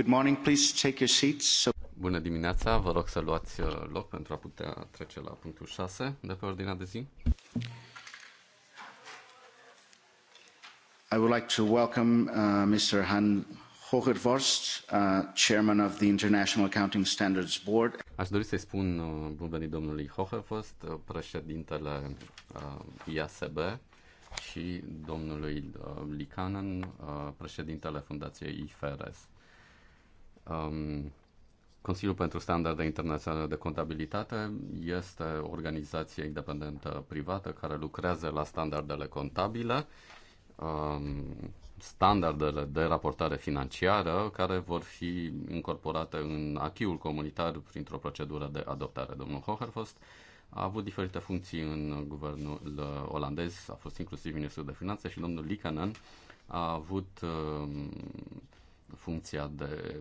Good morning, please take your seats. So... Bună dimineața, vă rog să luați uh, loc pentru a putea trece la punctul 6 de pe ordinea de zi. I would like to welcome uh, Mr. Han Hogervorst, uh, Chairman of the International Accounting Standards Board. Aș dori să-i spun uh, bun venit domnului Hogervorst, uh, președintele uh, IASB și domnului uh, Likanen, uh, președintele Fundației IFRS um, Consiliul pentru Standarde Internaționale de Contabilitate este o organizație independentă privată care lucrează la standardele contabile, um, standardele de raportare financiară care vor fi incorporate în achiul comunitar printr-o procedură de adoptare. Domnul Hoherfost a avut diferite funcții în guvernul olandez, a fost inclusiv ministru de finanțe și domnul Likanen a avut um, funcția de,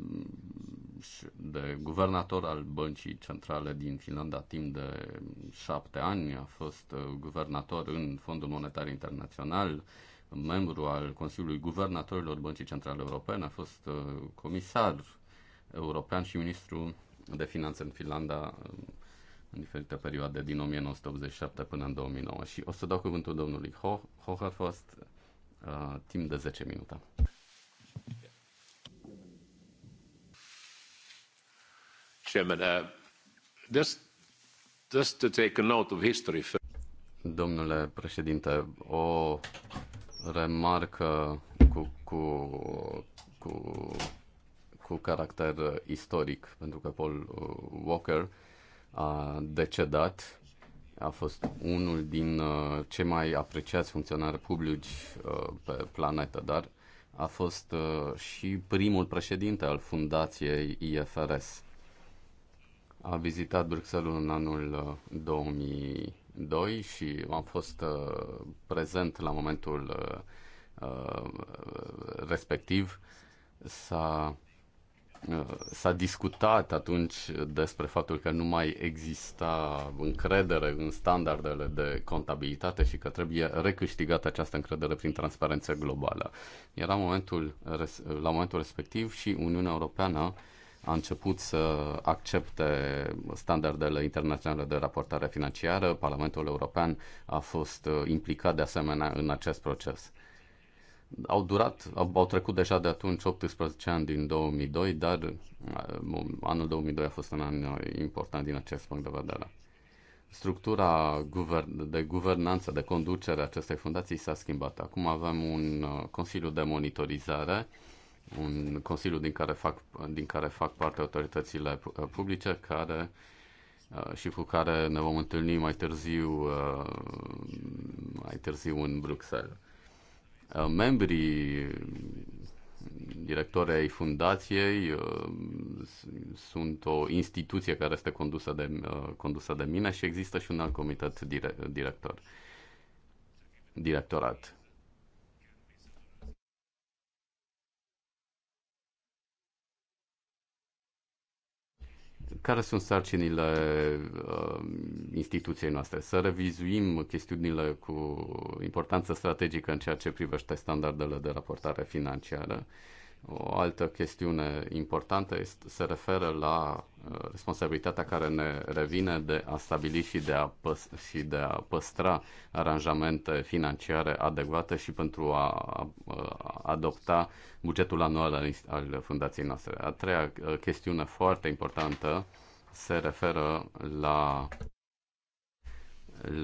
de guvernator al băncii centrale din Finlanda timp de șapte ani, a fost uh, guvernator în Fondul Monetar Internațional, membru al Consiliului Guvernatorilor Băncii Centrale Europene, a fost uh, comisar european și ministru de finanțe în Finlanda uh, în diferite perioade din 1987 până în 2009. Și o să dau cuvântul domnului Ho- Hoherfost uh, timp de 10 minute. Chairman, uh, just, just to take a note of history. Domnule președinte, o remarcă cu, cu, cu, cu caracter istoric, pentru că Paul uh, Walker a decedat, a fost unul din uh, cei mai apreciați funcționari publici uh, pe planetă, dar a fost uh, și primul președinte al fundației IFRS a vizitat Bruxelles în anul 2002 uh, și am fost uh, prezent la momentul uh, respectiv. S-a, s-a discutat atunci despre faptul că nu mai exista încredere în standardele de contabilitate și că trebuie recâștigată această încredere prin transparență globală. Era momentul, la momentul respectiv și Uniunea Europeană uh, a început să accepte standardele internaționale de raportare financiară. Parlamentul European a fost uh, implicat de asemenea în acest proces. Au durat, au, au trecut deja de atunci 18 ani din 2002, dar uh, anul 2002 a fost un an uh, important din acest punct de vedere structura de guvernanță, de conducere a acestei fundații s-a schimbat. Acum avem un Consiliu de Monitorizare un consiliu din care fac, din care fac parte autoritățile uh, publice care uh, și cu care ne vom întâlni mai târziu, uh, mai târziu în Bruxelles. Membrii directorei fundației sunt o instituție care este condusă de, condusă de mine și există și un alt comitet director, directorat care sunt sarcinile uh, instituției noastre? Să revizuim chestiunile cu importanță strategică în ceea ce privește standardele de raportare financiară. Uh, o altă chestiune importantă este, se referă la uh, responsabilitatea care ne revine de a stabili și de a, păs- și de a păstra aranjamente financiare adecvate și pentru a, a, a adopta bugetul anual al, al fundației noastre. A treia uh, chestiune foarte importantă se referă la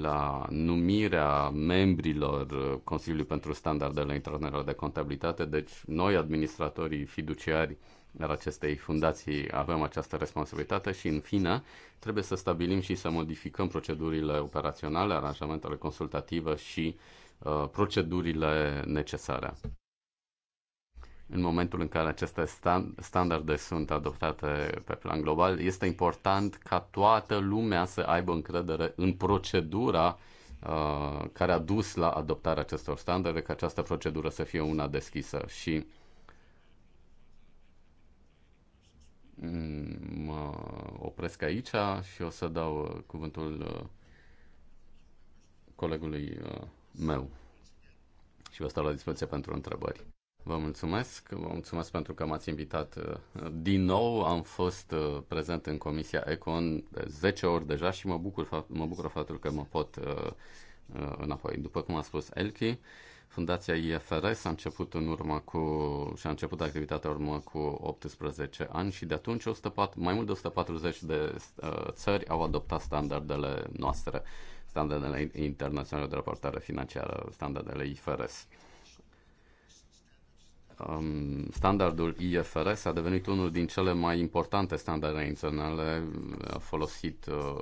la numirea membrilor Consiliului pentru Standardele Internelor de Contabilitate, deci noi, administratorii fiduciari al acestei fundații, avem această responsabilitate și, în fine, trebuie să stabilim și să modificăm procedurile operaționale, aranjamentele consultative și uh, procedurile necesare în momentul în care aceste standarde sunt adoptate pe plan global, este important ca toată lumea să aibă încredere în procedura uh, care a dus la adoptarea acestor standarde, ca această procedură să fie una deschisă și mm, mă opresc aici și o să dau uh, cuvântul uh, colegului uh, meu și vă stau la dispoziție pentru întrebări. Vă mulțumesc, vă mulțumesc pentru că m-ați invitat uh, din nou. Am fost uh, prezent în Comisia Econ de 10 ori deja și mă bucur, mă bucur faptul că mă pot uh, înapoi. După cum a spus Elki, Fundația IFRS a început în urmă cu, și a început activitatea în urmă cu 18 ani și de atunci 104, mai mult de 140 de țări au adoptat standardele noastre, standardele internaționale de raportare financiară, standardele IFRS. Um, standardul IFRS a devenit unul din cele mai importante standarde internaționale folosit uh,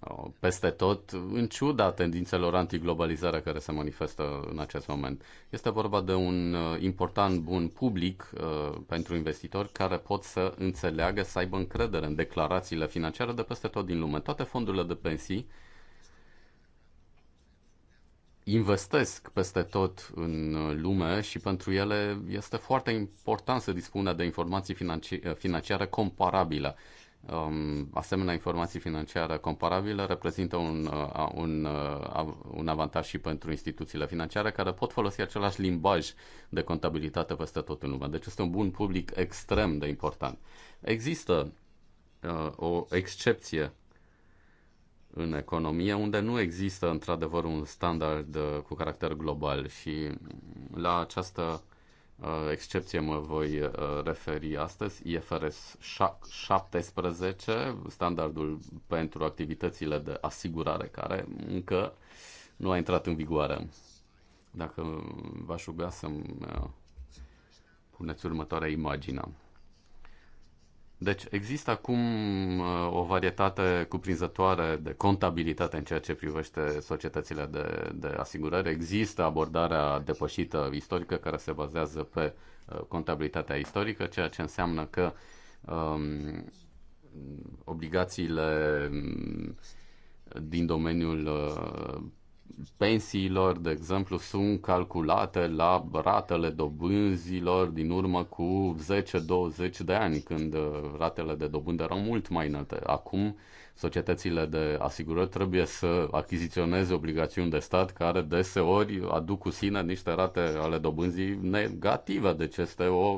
uh, peste tot, în ciuda tendințelor antiglobalizare care se manifestă în acest moment. Este vorba de un uh, important bun public uh, pentru investitori care pot să înțeleagă, să aibă încredere în declarațiile financiare de peste tot din lume. Toate fondurile de pensii uh, investesc peste tot în lume și pentru ele este foarte important să dispună de informații financi- financiare comparabile. Um, asemenea, informații financiare comparabile reprezintă un, uh, un, uh, un avantaj și pentru instituțiile financiare care pot folosi același limbaj de contabilitate peste tot în lume. Deci este un bun public extrem de important. Există uh, o excepție în economie, unde nu există într-adevăr un standard uh, cu caracter global și la această uh, excepție mă voi uh, referi astăzi, IFRS 17, standardul pentru activitățile de asigurare, care încă nu a intrat în vigoare. Dacă v-aș ruga să-mi puneți următoarea imagine. Deci există acum uh, o varietate cuprinzătoare de contabilitate în ceea ce privește societățile de, de asigurare. Există abordarea depășită istorică care se bazează pe uh, contabilitatea istorică, ceea ce înseamnă că um, obligațiile mm, din domeniul uh, pensiilor, de exemplu, sunt calculate la ratele dobânzilor din urmă cu 10-20 de ani, când uh, ratele de dobândă erau mult mai înalte. Acum, societățile de asigurări trebuie să achiziționeze obligațiuni de stat care deseori aduc cu sine niște rate ale dobânzii negative, deci este o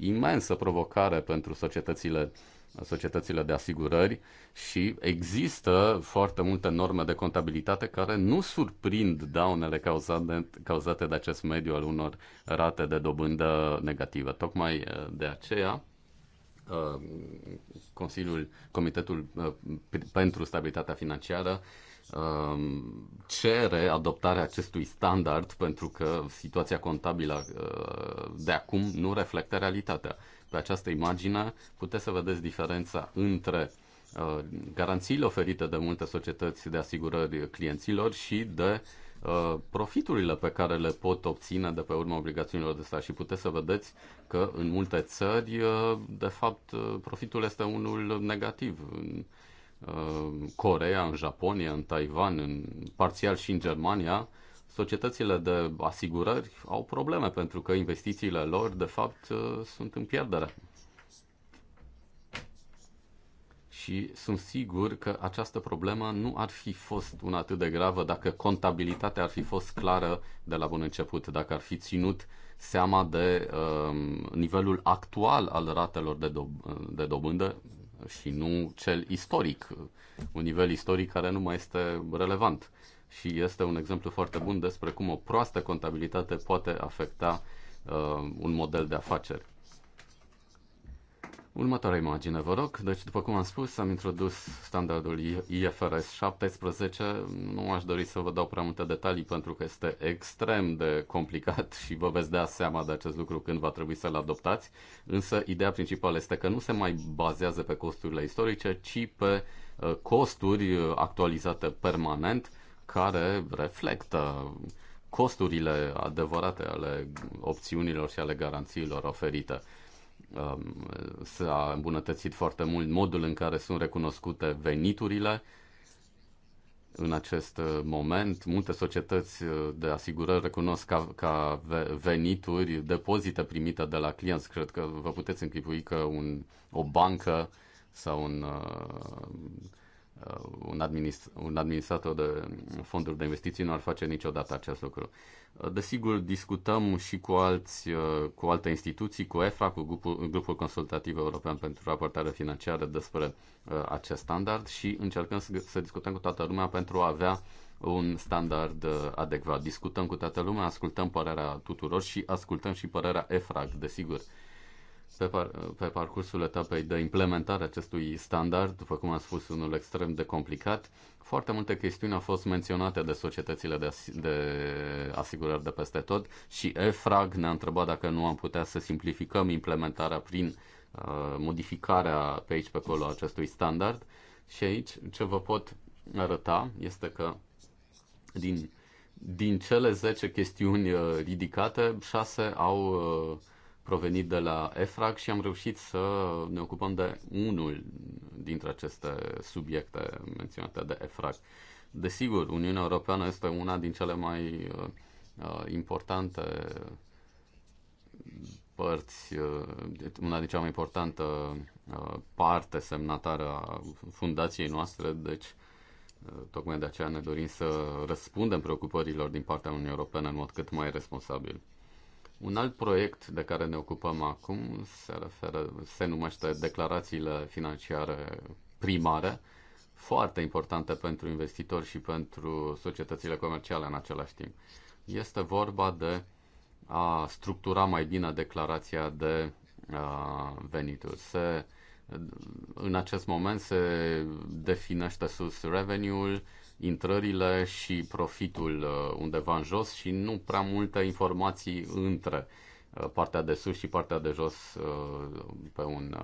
imensă provocare pentru societățile societățile de asigurări și există foarte multe norme de contabilitate care nu surprind daunele cauzate, cauzate de acest mediu al unor rate de dobândă negative. Tocmai eh, de aceea eh, Consiliul, Comitetul eh, pentru Stabilitatea Financiară cere adoptarea acestui standard pentru că situația contabilă de acum nu reflectă realitatea. Pe această imagine puteți să vedeți diferența între uh, garanțiile oferite de multe societăți de asigurări clienților și de uh, profiturile pe care le pot obține de pe urma obligațiunilor de stat și puteți să vedeți că în multe țări, uh, de fapt, profitul este unul negativ. În Corea, în Japonia, în Taiwan, în parțial și în Germania, societățile de asigurări au probleme pentru că investițiile lor, de fapt, uh, sunt în pierdere. Și sunt sigur că această problemă nu ar fi fost una atât de gravă dacă contabilitatea ar fi fost clară de la bun început, dacă ar fi ținut seama de um, nivelul actual al ratelor de, do- de dobândă și nu cel istoric, un nivel istoric care nu mai este relevant și este un exemplu foarte bun despre cum o proastă contabilitate poate afecta uh, un model de afaceri. Următoarea imagine, vă rog. Deci, după cum am spus, am introdus standardul IFRS 17. Nu aș dori să vă dau prea multe detalii pentru că este extrem de complicat și vă veți da seama de acest lucru când va trebui să-l adoptați. Însă, ideea principală este că nu se mai bazează pe costurile istorice, ci pe uh, costuri uh, actualizate permanent care reflectă costurile adevărate ale opțiunilor și ale garanțiilor oferite. Um, s-a îmbunătățit foarte mult modul în care sunt recunoscute veniturile. În acest moment, multe societăți de asigurări recunosc ca, ca venituri depozite primite de la clienți. Cred că vă puteți închipui că un, o bancă sau un uh, Uh, un, administ- un administrator de fonduri de investiții nu ar face niciodată acest lucru. Uh, desigur, discutăm și cu, alți, uh, cu alte instituții, cu EFRA, cu grupul, grupul Consultativ European pentru Raportare Financiară despre acest standard și încercăm să, să discutăm cu toată lumea pentru a avea un standard adecvat. Discutăm cu toată lumea, ascultăm părerea tuturor și ascultăm și părerea EFRAG, desigur. Uh, pe, par, pe parcursul etapei de implementare acestui standard, după cum am spus, unul extrem de complicat, foarte multe chestiuni au fost menționate de societățile de, as- de asigurări de peste tot și EFRAG ne-a întrebat dacă nu am putea să simplificăm implementarea prin uh, modificarea pe aici pe acolo acestui standard. Și aici ce vă pot arăta este că din, din cele 10 chestiuni uh, ridicate, 6 au uh, provenit de la EFRAG și am reușit să ne ocupăm de unul dintre aceste subiecte menționate de EFRAG. Desigur, Uniunea Europeană este una din cele mai uh, importante părți, uh, una din cea mai importantă uh, parte semnatară a fundației noastre, deci uh, tocmai de aceea ne dorim să răspundem preocupărilor din partea Uniunii Europene în mod cât mai responsabil. Un alt proiect de care ne ocupăm acum se, referă, se numește declarațiile financiare primare, foarte importante pentru investitori și pentru societățile comerciale în același timp. Este vorba de a structura mai bine declarația de venituri. Se în acest moment se definește sus revenue-ul, intrările și profitul uh, undeva în jos și nu prea multe informații între uh, partea de sus și partea de jos uh, pe un,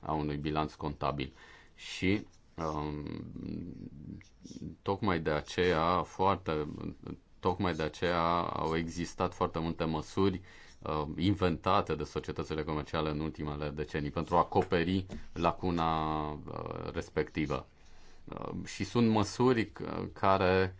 a unui bilanț contabil. Și um, tocmai de aceea foarte tocmai de aceea au existat foarte multe măsuri Uh, inventate de societățile comerciale în ultimele decenii pentru a acoperi lacuna uh, respectivă. Uh, și sunt măsuri care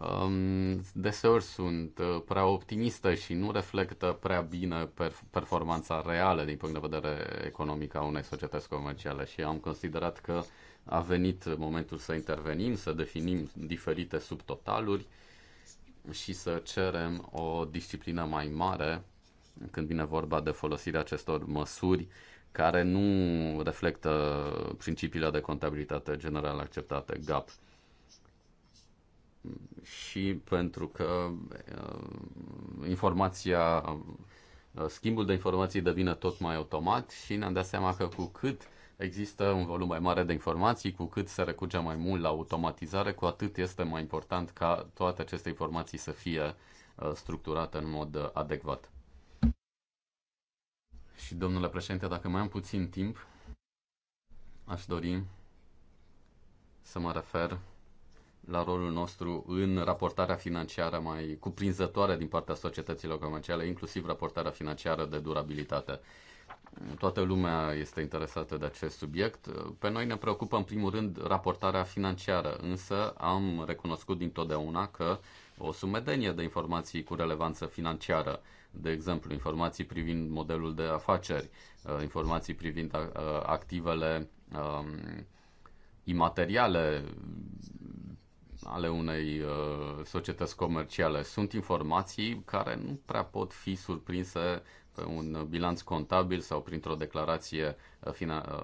um, deseori sunt prea optimiste și nu reflectă prea bine performanța reală din punct de vedere economic a unei societăți comerciale și am considerat că a venit momentul să intervenim, să definim diferite subtotaluri și să cerem o disciplină mai mare când vine vorba de folosirea acestor măsuri care nu reflectă principiile de contabilitate general acceptate, GAP. Și pentru că uh, informația, uh, schimbul de informații devine tot mai automat și ne-am dat seama că cu cât există un volum mai mare de informații, cu cât se recurge mai mult la automatizare, cu atât este mai important ca toate aceste informații să fie uh, structurate în mod adecvat. Și domnule președinte, dacă mai am puțin timp, aș dori să mă refer la rolul nostru în raportarea financiară mai cuprinzătoare din partea societăților comerciale, inclusiv raportarea financiară de durabilitate. Toată lumea este interesată de acest subiect. Pe noi ne preocupă în primul rând raportarea financiară, însă am recunoscut dintotdeauna că o sumedenie de informații cu relevanță financiară de exemplu, informații privind modelul de afaceri, uh, informații privind uh, activele um, imateriale ale unei uh, societăți comerciale. Sunt informații care nu prea pot fi surprinse pe un bilanț contabil sau printr-o declarație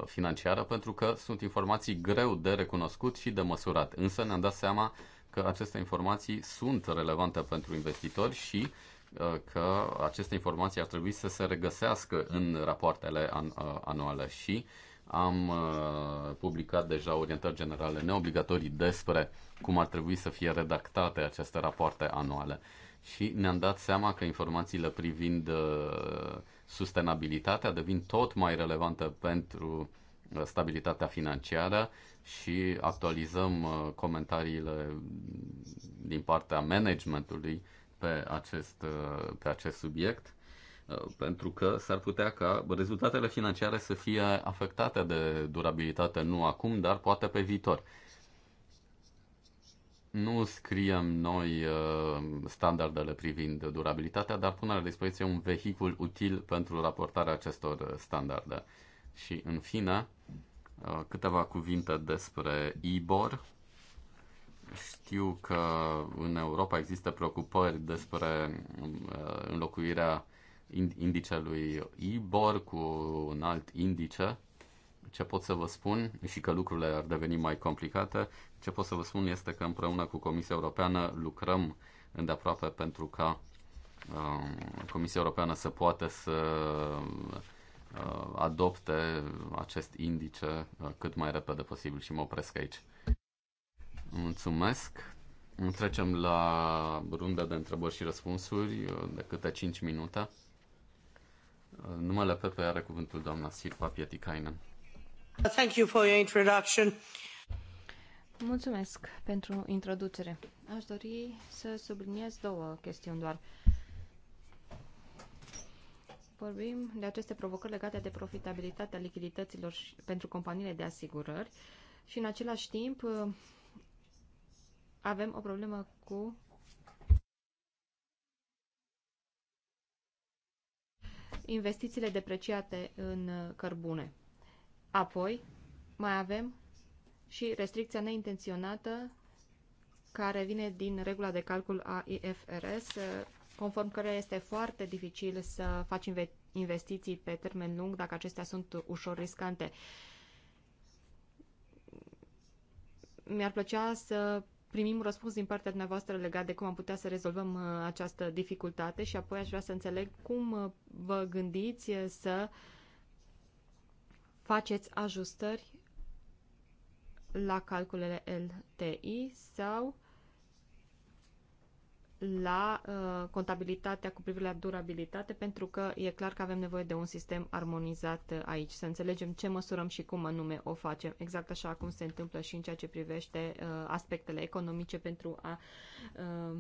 financiară, pentru că sunt informații greu de recunoscut și de măsurat. Însă ne-am dat seama că aceste informații sunt relevante pentru investitori și Uh, că aceste informații ar trebui să se regăsească în rapoartele uh, anuale și am uh, publicat deja orientări generale neobligatorii despre cum ar trebui să fie redactate aceste rapoarte anuale. Și ne-am dat seama că informațiile privind sustenabilitatea devin tot mai relevante pentru stabilitatea financiară și actualizăm comentariile din partea managementului pe acest, uh, pe acest subiect, uh, pentru că s-ar putea ca rezultatele financiare să fie afectate de durabilitate nu acum, dar poate pe viitor. Nu scriem noi uh, standardele privind durabilitatea, dar punem la dispoziție un vehicul util pentru raportarea acestor standarde. Și în fine, câteva cuvinte despre IBOR, știu că în Europa există preocupări despre uh, înlocuirea indicelui IBOR cu un alt indice. Ce pot să vă spun, și că lucrurile ar deveni mai complicate, ce pot să vă spun este că împreună cu Comisia Europeană lucrăm îndeaproape pentru ca um, Comisia Europeană să poată să uh, adopte acest indice uh, cât mai repede posibil și mă opresc aici. Mulțumesc. Trecem la runda de întrebări și răspunsuri uh, de câte 5 minute. Uh, numele Pepe are cuvântul doamna Sirpa Pietikainen. Thank you for your introduction. Mulțumesc pentru introducere. Aș dori să subliniez două chestiuni doar. Vorbim de aceste provocări legate de profitabilitatea lichidităților pentru companiile de asigurări și în același timp avem o problemă cu investițiile depreciate în cărbune. Apoi, mai avem și restricția neintenționată care vine din regula de calcul a IFRS, conform căreia este foarte dificil să faci investiții pe termen lung dacă acestea sunt ușor riscante. Mi-ar plăcea să primim un răspuns din partea dumneavoastră legat de cum am putea să rezolvăm uh, această dificultate și apoi aș vrea să înțeleg cum uh, vă gândiți uh, să faceți ajustări la calculele LTI sau la uh, contabilitatea cu privire la durabilitate, pentru că e clar că avem nevoie de un sistem armonizat uh, aici, să înțelegem ce măsurăm și cum anume o facem, exact așa cum se întâmplă și în ceea ce privește uh, aspectele economice pentru a uh,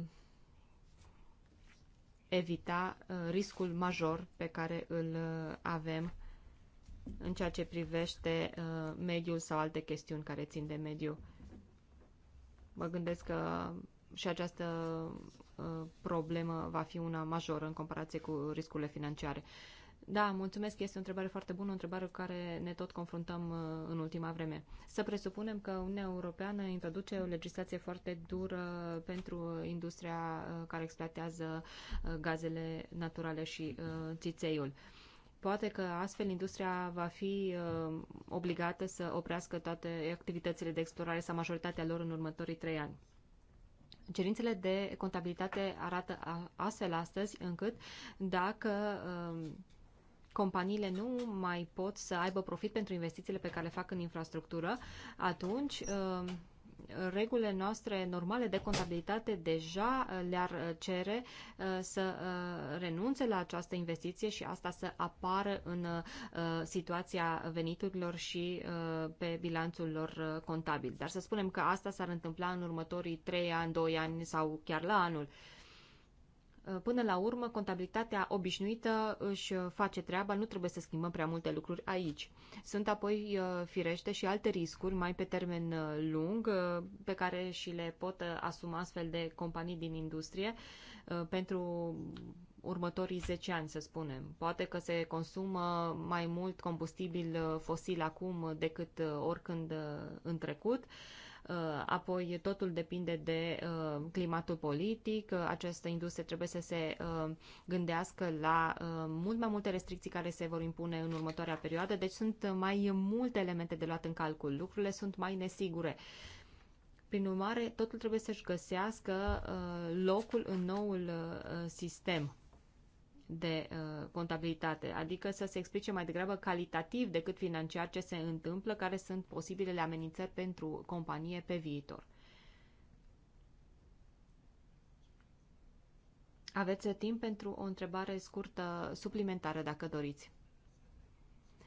evita uh, riscul major pe care îl uh, avem în ceea ce privește uh, mediul sau alte chestiuni care țin de mediu. Mă gândesc că și această ă, problemă va fi una majoră în comparație cu riscurile financiare. Da, mulțumesc, este o întrebare foarte bună, o întrebare cu care ne tot confruntăm ă, în ultima vreme. Să presupunem că Uniunea Europeană introduce o legislație foarte dură pentru industria ă, care exploatează gazele naturale și țițeiul. Poate că astfel industria va fi obligată să oprească toate activitățile de explorare sau majoritatea lor în următorii trei ani. Cerințele de contabilitate arată astfel astăzi încât dacă um, companiile nu mai pot să aibă profit pentru investițiile pe care le fac în infrastructură, atunci um, regulile noastre normale de contabilitate deja uh, le-ar uh, cere uh, să renunțe la această investiție și asta să apară în situația veniturilor și pe bilanțul lor contabil. Dar să spunem că asta s-ar întâmpla în următorii 3 ani, 2 ani sau chiar la anul. Uh, până la urmă, contabilitatea obișnuită își face treaba, nu trebuie să schimbăm prea multe lucruri aici. Sunt apoi uh, firește și alte riscuri mai pe termen uh, lung pe care și le pot asuma astfel de companii din industrie pentru următorii 10 ani, să spunem. Poate că se consumă mai mult combustibil fosil acum decât oricând în trecut. Uh, apoi totul depinde de uh, climatul politic, uh, această industrie trebuie să se gândească la mult mai multe restricții care se vor impune în următoarea perioadă, deci sunt mai multe elemente de luat în calcul, lucrurile sunt mai nesigure. Prin urmare, totul trebuie să-și găsească locul în noul sistem de uh, contabilitate, adică să se explice mai degrabă calitativ decât financiar ce se întâmplă, care sunt posibilele amenințări pentru companie pe viitor. Aveți timp pentru o întrebare scurtă suplimentară, dacă doriți.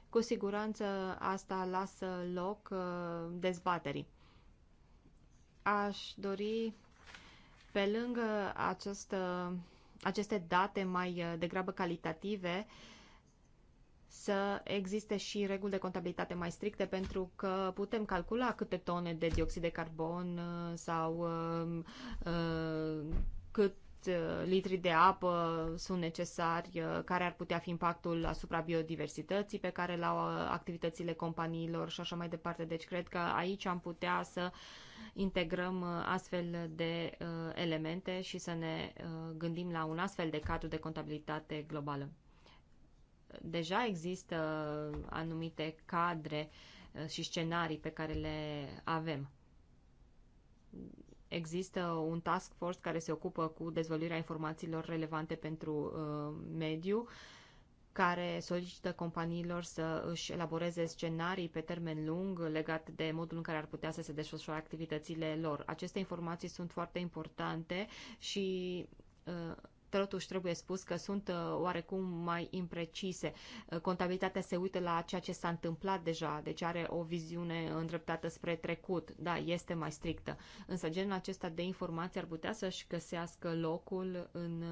Cu siguranță asta lasă loc uh, dezbaterii. Aș dori, pe lângă această aceste date mai uh, degrabă calitative, să existe și reguli de contabilitate mai stricte pentru că putem calcula câte tone de dioxid de carbon uh, sau uh, cât Uh, litri de apă sunt necesari, uh, care ar putea fi impactul asupra biodiversității pe care l-au uh, activitățile companiilor și așa mai departe. Deci cred că aici am putea să integrăm astfel de elemente și să ne gândim la un astfel de cadru de contabilitate globală. Deja există anumite cadre și scenarii pe care le avem Există un task force care se ocupă cu dezvăluirea informațiilor relevante pentru uh, mediu, care solicită companiilor să își elaboreze scenarii pe termen lung legat de modul în care ar putea să se desfășoare activitățile lor. Aceste informații sunt foarte importante și uh, totuși trebuie spus că sunt uh, oarecum mai imprecise. Uh, contabilitatea se uită la ceea ce s-a întâmplat deja, deci are o viziune îndreptată spre trecut. Da, este mai strictă. Însă genul acesta de informații ar putea să-și găsească locul în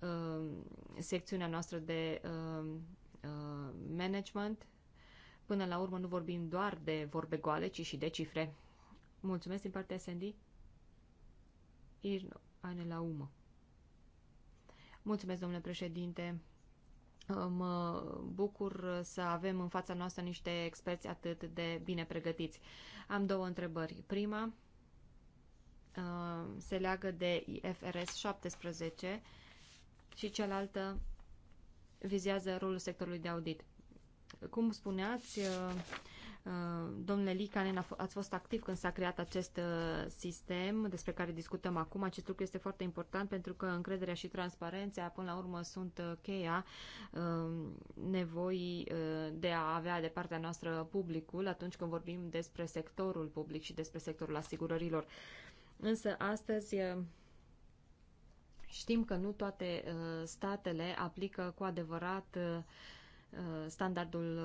uh, secțiunea noastră de uh, uh, management. Până la urmă nu vorbim doar de vorbe goale, ci și de cifre. Mulțumesc din partea SND. Irno, Anela Umă. Mulțumesc, domnule președinte. Uh, mă bucur să avem în fața noastră niște experți atât de bine pregătiți. Am două întrebări. Prima uh, se leagă de IFRS 17 și cealaltă vizează rolul sectorului de audit. Cum spuneați, uh, Uh, domnule Licanen, ați fost activ când s-a creat acest uh, sistem despre care discutăm acum. Acest lucru este foarte important pentru că încrederea și transparența, până la urmă, sunt uh, cheia nevoii de a avea de partea noastră publicul atunci când vorbim despre sectorul public și despre sectorul asigurărilor. Însă, astăzi, știm că nu toate statele aplică cu adevărat uh, Uh, standardul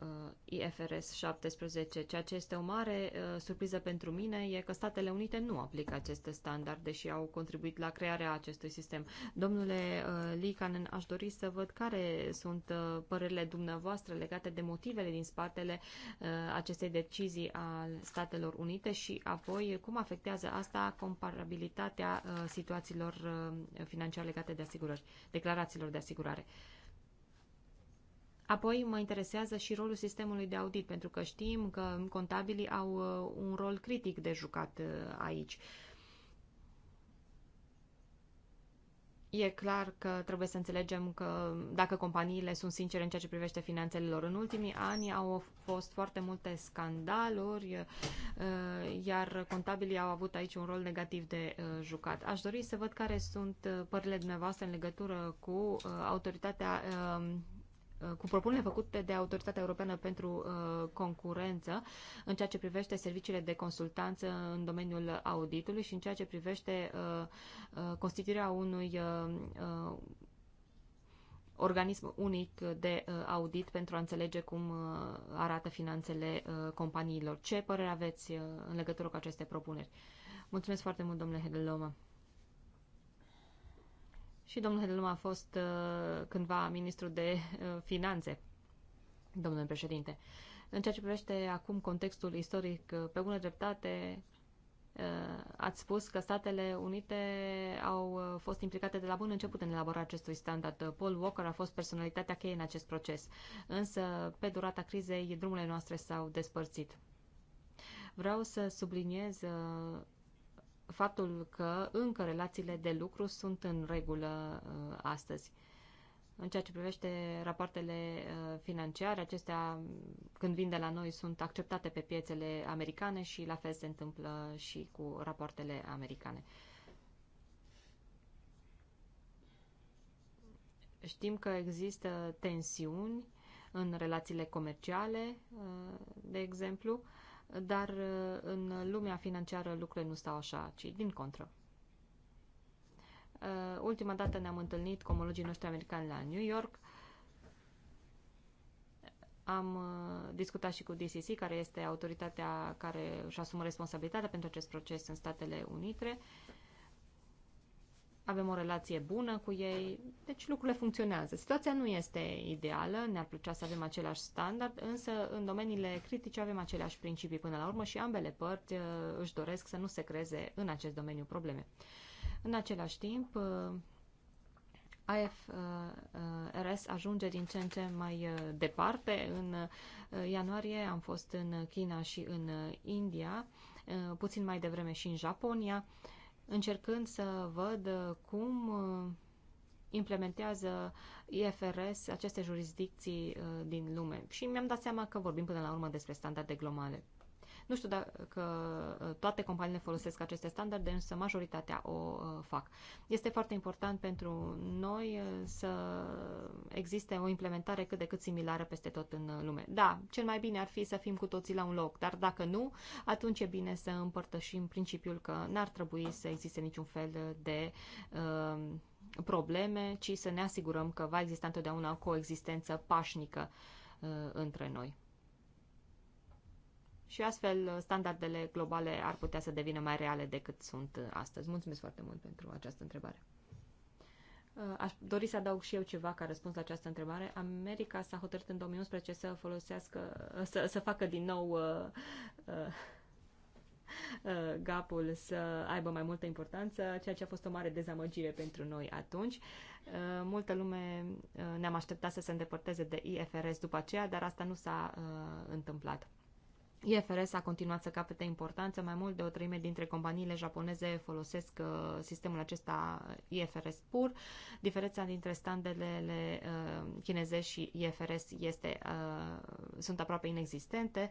uh, IFRS 17. Ceea ce este o mare uh, surpriză pentru mine e că Statele Unite nu aplică aceste standarde, deși au contribuit la crearea acestui sistem. Domnule Licanen, aș dori să văd care sunt părerile dumneavoastră legate de motivele din spatele acestei decizii al Statelor Unite și apoi cum afectează asta comparabilitatea situațiilor financiare legate de asigurări, declarațiilor de asigurare. Apoi mă interesează și rolul sistemului de audit, pentru că știm că contabilii au uh, un rol critic de jucat uh, aici. E clar că trebuie să înțelegem că dacă companiile sunt sincere în ceea ce privește finanțele lor, în ultimii ani au fost foarte multe scandaluri, uh, iar contabilii au avut aici un rol negativ de jucat. Aș dori să văd care sunt părerile dumneavoastră în legătură cu autoritatea Uh, cu propunerile făcute de Autoritatea Europeană pentru uh, Concurență în ceea ce privește serviciile de consultanță în domeniul auditului și în ceea ce privește uh, constituirea unui organism unic de audit pentru a înțelege cum arată finanțele companiilor. Ce părere aveți în legătură cu aceste propuneri? Mulțumesc foarte mult, domnule Hedeloma și domnul Hedelum a fost uh, cândva ministru de uh, finanțe, domnule președinte. În ceea ce privește acum contextul istoric, uh, pe bună dreptate, ați spus că Statele Unite au fost implicate de la bun început în elaborarea acestui standard. Paul Walker a fost personalitatea cheie în acest proces, însă pe durata crizei drumurile noastre s-au despărțit. Vreau să subliniez faptul că încă relațiile de lucru sunt în regulă uh, astăzi. În ceea ce privește rapoartele uh, financiare, acestea, când vin de la noi, sunt acceptate pe piețele americane și la fel se întâmplă și cu rapoartele americane. Știm că există tensiuni în relațiile comerciale, uh, de exemplu, dar uh, în lumea financiară lucrurile nu stau așa, ci din contră. Uh, ultima dată ne-am întâlnit cu omologii noștri americani la New York. Am uh, discutat și cu DCC, care este autoritatea care își asumă responsabilitatea pentru acest proces în Statele Unite avem o relație bună cu ei, deci lucrurile funcționează. Situația nu este ideală, ne-ar plăcea să avem același standard, însă în domeniile critice avem aceleași principii până la urmă și ambele părți uh, își doresc să nu se creeze în acest domeniu probleme. În același timp, AFRS uh, ajunge din ce în ce mai uh, departe. În ianuarie am fost în China și în India, puțin mai devreme și în Japonia încercând să văd uh, cum uh, implementează IFRS aceste jurisdicții uh, din lume. Și mi-am dat seama că vorbim până la urmă despre standarde globale. Nu știu dacă uh, toate companiile folosesc aceste standarde, însă majoritatea o uh, fac. Este foarte important pentru noi uh, să existe o implementare cât de cât similară peste tot în lume. Da, cel mai bine ar fi să fim cu toții la un loc, dar dacă nu, atunci e bine să împărtășim principiul că n-ar trebui să existe niciun fel de probleme, ci să ne asigurăm că va exista întotdeauna o coexistență pașnică uh, între noi și astfel standardele globale ar putea să devină mai reale decât sunt astăzi. Mulțumesc foarte mult pentru această întrebare. Uh, aș dori să adaug și eu ceva ca răspuns la această întrebare. America s-a hotărât în 2011 să folosească, uh, să, să facă din nou uh, uh, uh, gapul să aibă mai multă importanță, ceea ce a fost o mare dezamăgire pentru noi atunci. Uh, multă lume ne-am așteptat să se îndepărteze de IFRS după aceea, dar asta nu s-a întâmplat. IFRS a continuat să capete importanță. Mai mult de o treime dintre companiile japoneze folosesc uh, sistemul acesta IFRS pur. Diferența dintre standardele uh, chineze și IFRS este, uh, sunt aproape inexistente.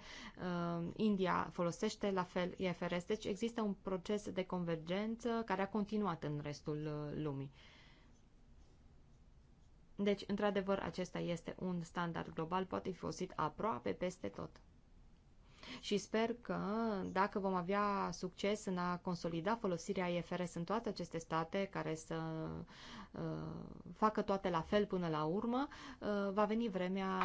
Uh, India folosește la fel IFRS, deci există un proces de convergență care a continuat în restul uh, lumii. Deci, într-adevăr, acesta este un standard global, poate fi folosit aproape peste tot și sper că dacă vom avea succes în a consolida folosirea IFRS în toate aceste state care să uh, facă toate la fel până la urmă, uh, va veni vremea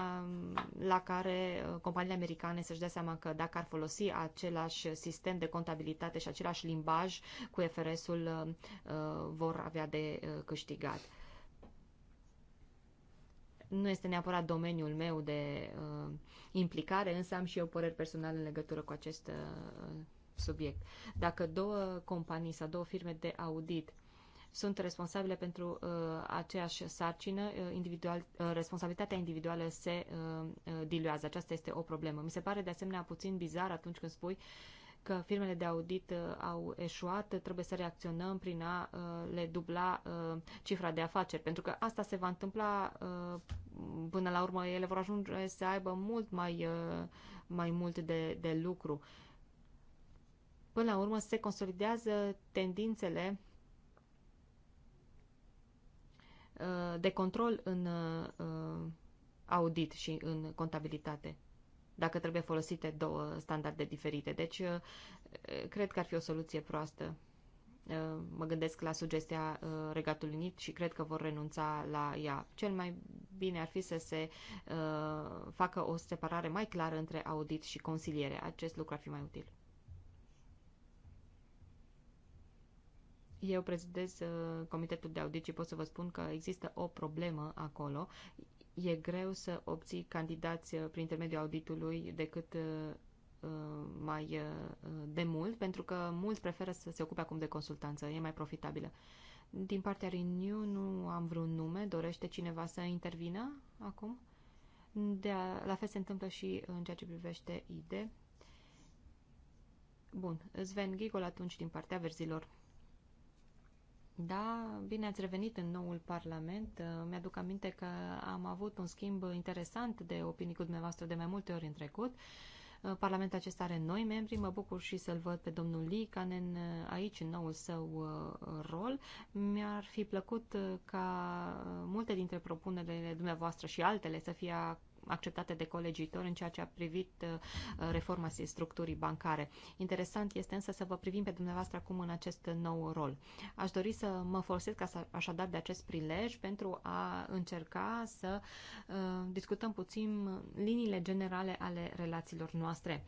la care uh, companiile americane să-și dea seama că dacă ar folosi același sistem de contabilitate și același limbaj cu IFRS-ul vor avea de câștigat. Nu este neapărat domeniul meu de uh, implicare, însă am și eu păreri personale în legătură cu acest uh, subiect. Dacă două companii sau două firme de audit sunt responsabile pentru uh, aceeași sarcină, uh, individual, uh, responsabilitatea individuală se uh, uh diluează. Aceasta este o problemă. Mi se pare de asemenea puțin bizar atunci când spui uh, că firmele de audit uh, au eșuat, trebuie să reacționăm prin a uh, le dubla uh, cifra de afaceri, pentru că asta se va întâmpla până la urmă, ele vor ajunge să aibă mult mai, mai mult de, de lucru. Până la urmă se consolidează tendințele de control în audit și în contabilitate dacă trebuie folosite două standarde diferite. Deci, uh, cred că ar fi o soluție proastă. Uh, mă gândesc la sugestia uh, Regatului Unit și cred că vor renunța la ea. Cel mai bine ar fi să se facă o separare mai clară între audit și consiliere. Acest lucru ar fi mai util. Eu prezidez uh, Comitetul de Audit și pot să vă spun că există o problemă acolo e greu să obții candidați uh, prin intermediul auditului decât uh, uh, mai de mult, pentru că mulți preferă să se ocupe acum de consultanță, e mai profitabilă. Din partea Renew nu am vreun nume, dorește cineva să intervină acum? De a, la fel se întâmplă și în ceea ce privește ID. Bun, Sven Gigol atunci din partea verzilor. Da, bine ați revenit în noul Parlament. Uh, mi-aduc aminte că am avut un schimb interesant de opinii cu dumneavoastră de mai multe ori în trecut. Uh, Parlamentul acesta are noi membri, mă bucur și să-l văd pe domnul Licanen uh, aici în noul său rol. Mi-ar fi plăcut ca multe dintre propunerile dumneavoastră și altele să fie acceptate de colegiitor în ceea ce a privit uh, reforma structurii bancare. Interesant este însă să vă privim pe dumneavoastră acum în acest nou rol. Aș dori să mă folosesc așadar de acest prilej pentru a încerca să uh, discutăm puțin liniile generale ale relațiilor noastre.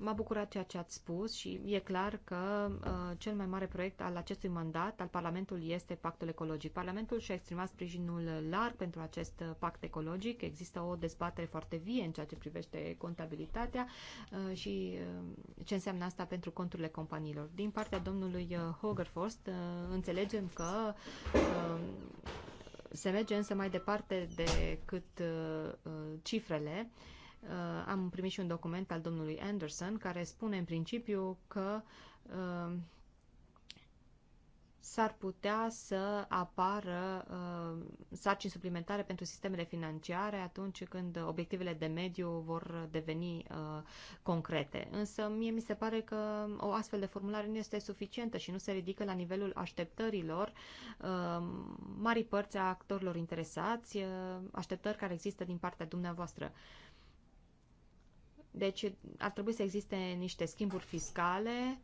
M-a bucurat ceea ce ați spus și e clar că uh, cel mai mare proiect al acestui mandat al Parlamentului este Pactul Ecologic. Parlamentul și-a exprimat sprijinul larg pentru acest uh, pact ecologic. Există o dezbatere foarte vie în ceea ce privește contabilitatea uh, și uh, ce înseamnă asta pentru conturile companiilor. Din partea domnului uh, Hogerfost, uh, înțelegem că uh, se merge însă mai departe decât uh, uh cifrele. Uh, Uh, am primit și un document al domnului Anderson care spune în principiu că uh, s-ar putea să apară uh, sarcini suplimentare pentru sistemele financiare atunci când obiectivele de mediu vor deveni uh, concrete. Însă mie mi se pare că o astfel de formulare nu este suficientă și nu se ridică la nivelul așteptărilor uh, mari părți a actorilor interesați, uh, așteptări care există din partea dumneavoastră. Uh, deci ar trebui să existe niște schimburi fiscale,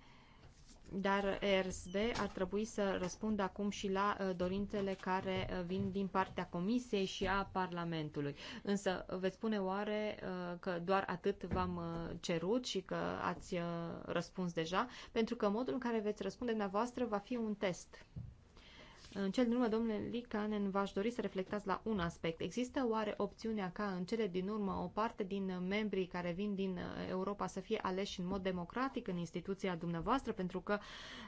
dar ERSD ar trebui să răspundă acum și la uh, dorințele care uh, vin din partea Comisiei și a Parlamentului. Însă veți spune oare uh, că doar atât v-am cerut și că ați răspuns deja? Pentru că modul în care veți răspunde dumneavoastră va fi un test în cel din urmă, domnule Licanen, v-aș dori să reflectați la un aspect. Există oare opțiunea ca în cele din urmă o parte din membrii care vin din Europa să fie aleși în mod democratic în instituția dumneavoastră? Pentru că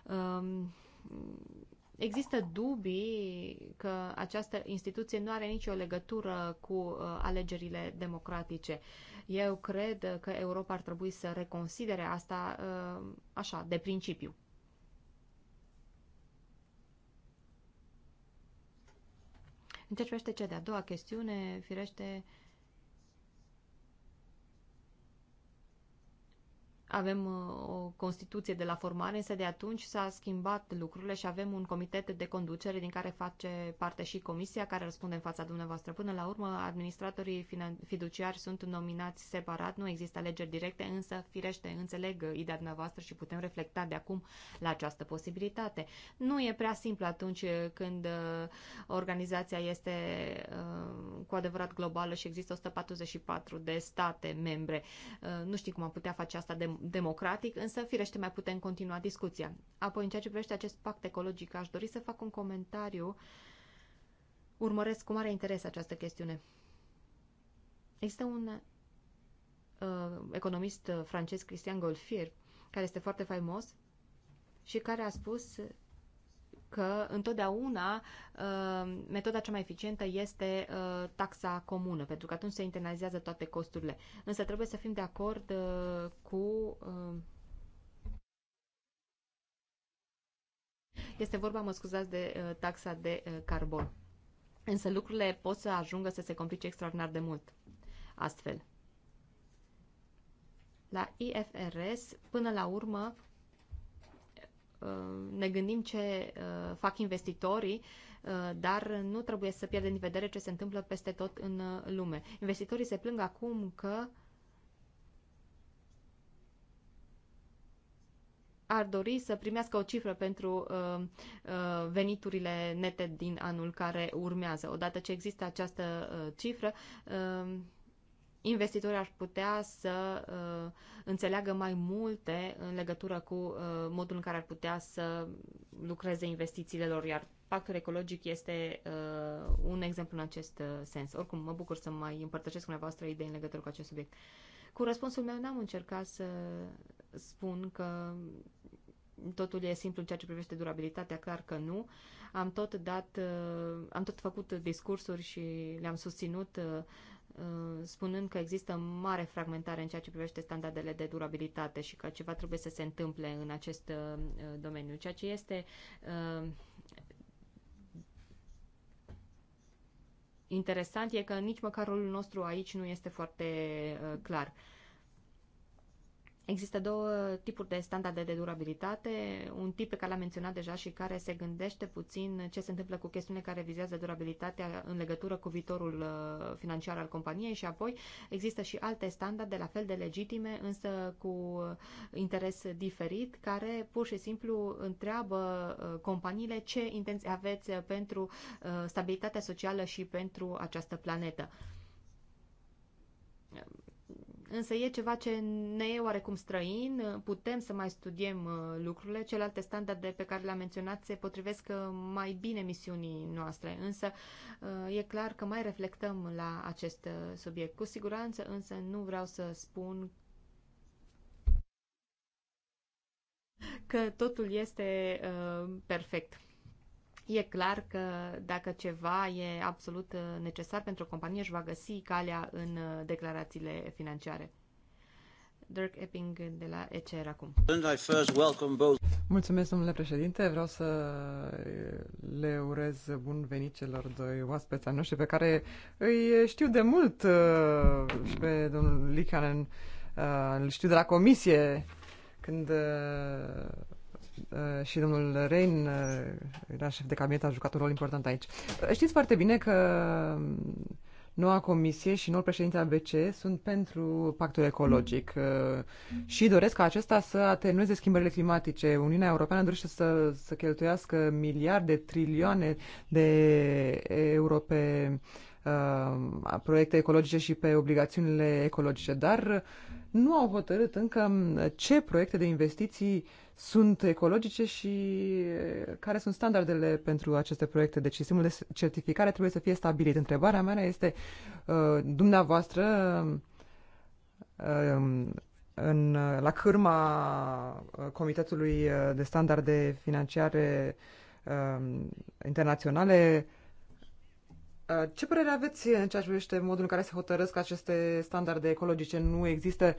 um, Există dubii că această instituție nu are nicio legătură cu uh, alegerile democratice. Eu cred că Europa ar trebui să reconsidere asta uh, așa, de principiu. În ce privește cea de-a doua chestiune, firește, Avem uh, o Constituție de la formare, însă de atunci s-a schimbat lucrurile și avem un comitet de conducere din care face parte și comisia care răspunde în fața dumneavoastră. Până la urmă, administratorii fiduciari sunt nominați separat, nu există alegeri directe, însă, firește, înțeleg ideea dumneavoastră și putem reflecta de acum la această posibilitate. Nu e prea simplu atunci când uh, organizația este uh, cu adevărat globală și există 144 de state membre. Nu știu cum am putea face asta de democratic, însă firește mai putem continua discuția. Apoi, în ceea ce privește acest pact ecologic, aș dori să fac un comentariu. Urmăresc cu mare interes această chestiune. Există un uh, economist uh, francez, Christian Golfier, care este foarte faimos și care a spus că întotdeauna uh, metoda cea mai eficientă este uh, taxa comună, pentru că atunci se internalizează toate costurile. Însă trebuie să fim de acord uh, cu Este vorba, mă scuzați, de taxa de carbon. Însă lucrurile pot să ajungă să se complice extraordinar de mult. Astfel, la IFRS, până la urmă, Uh, ne gândim ce uh, fac investitorii, uh, dar nu trebuie să pierdem din vedere ce se întâmplă peste tot în lume. Investitorii se plâng acum că ar dori să primească o cifră pentru uh, uh, veniturile nete din anul care urmează. Odată ce există această uh, cifră, uh, investitorii ar putea să uh, înțeleagă mai multe în legătură cu uh, modul în care ar putea să lucreze investițiile lor, iar pactul ecologic este uh, un exemplu în acest uh, sens. Oricum, mă bucur să mai împărtășesc cu dumneavoastră idei în legătură cu acest subiect. Cu răspunsul meu n-am încercat să spun că totul e simplu în ceea ce privește durabilitatea, clar că nu. Am tot dat, uh, am tot făcut discursuri și le-am susținut uh, Uh, spunând că există mare fragmentare în ceea ce privește standardele de durabilitate și că ceva trebuie să se întâmple în acest uh, uh, domeniu, ceea ce este interesant e că nici măcar rolul nostru aici nu este foarte clar. Există două tipuri de standarde de durabilitate, un tip pe care l-am menționat deja și care se gândește puțin ce se întâmplă cu chestiunile care vizează durabilitatea în legătură cu viitorul uh, financiar al companiei și apoi există și alte standarde la fel de legitime, însă cu uh, interes diferit, care pur și simplu întreabă uh, companiile ce intenții aveți pentru stabilitatea socială și pentru această planetă însă e ceva ce ne e oarecum străin, putem să mai studiem uh, lucrurile, celelalte standarde pe care le-am menționat se potrivesc uh, mai bine misiunii noastre, însă uh, e clar că mai reflectăm la acest subiect. Cu siguranță, însă nu vreau să spun că totul este uh, perfect. E clar că dacă ceva e absolut uh, necesar pentru o companie, își va găsi calea în uh, declarațiile financiare. Dirk Epping de la ECR acum. Mulțumesc, domnule președinte. Vreau să uh, le urez bun venit celor doi oaspeți ai noștri pe care îi știu de mult și pe domnul Licanen îl știu de la comisie când Uh, și domnul Rein, uh, era șef de cabinet, a jucat un rol important aici. Uh, știți foarte bine că um, noua comisie și noul președinte al BCE sunt pentru pactul ecologic și doresc ca acesta să atenueze schimbările climatice. Uniunea Europeană dorește să, să cheltuiască miliarde, trilioane de euro pe Uh, proiecte ecologice și pe obligațiunile ecologice, dar nu au hotărât încă ce proiecte de investiții sunt ecologice și care sunt standardele pentru aceste proiecte. Deci sistemul de certificare trebuie să fie stabilit. Întrebarea mea este, uh, dumneavoastră, uh, în, la cârma Comitetului de Standarde Financiare Internaționale, Uh, ce părere aveți în ceea ce privește modul în care se hotărăsc aceste standarde ecologice? Nu există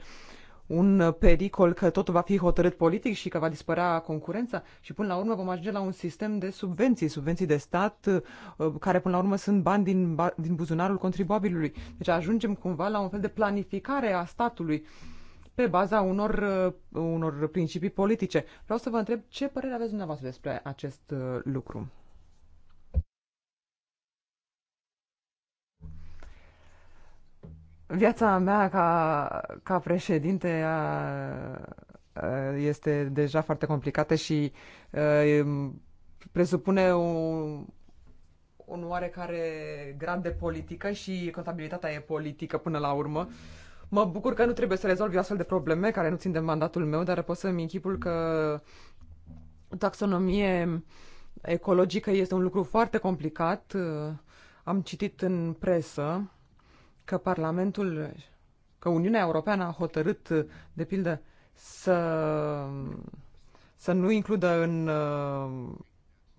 un pericol că totul va fi hotărât politic și că va dispărea concurența și până la urmă vom ajunge la un sistem de subvenții, subvenții de stat, uh, care până la urmă sunt bani din, din buzunarul contribuabilului. Deci ajungem cumva la un fel de planificare a statului pe baza unor, uh, unor principii politice. Vreau să vă întreb ce părere aveți dumneavoastră despre acest lucru. Viața mea ca, ca președinte a, a, este deja foarte complicată și a, presupune un, un oarecare grad de politică și contabilitatea e politică până la urmă. Mă bucur că nu trebuie să rezolv astfel de probleme care nu țin de mandatul meu, dar pot să-mi închipul că taxonomie ecologică este un lucru foarte complicat. Am citit în presă că Parlamentul, că Uniunea Europeană a hotărât, de pildă, să, să nu includă în uh,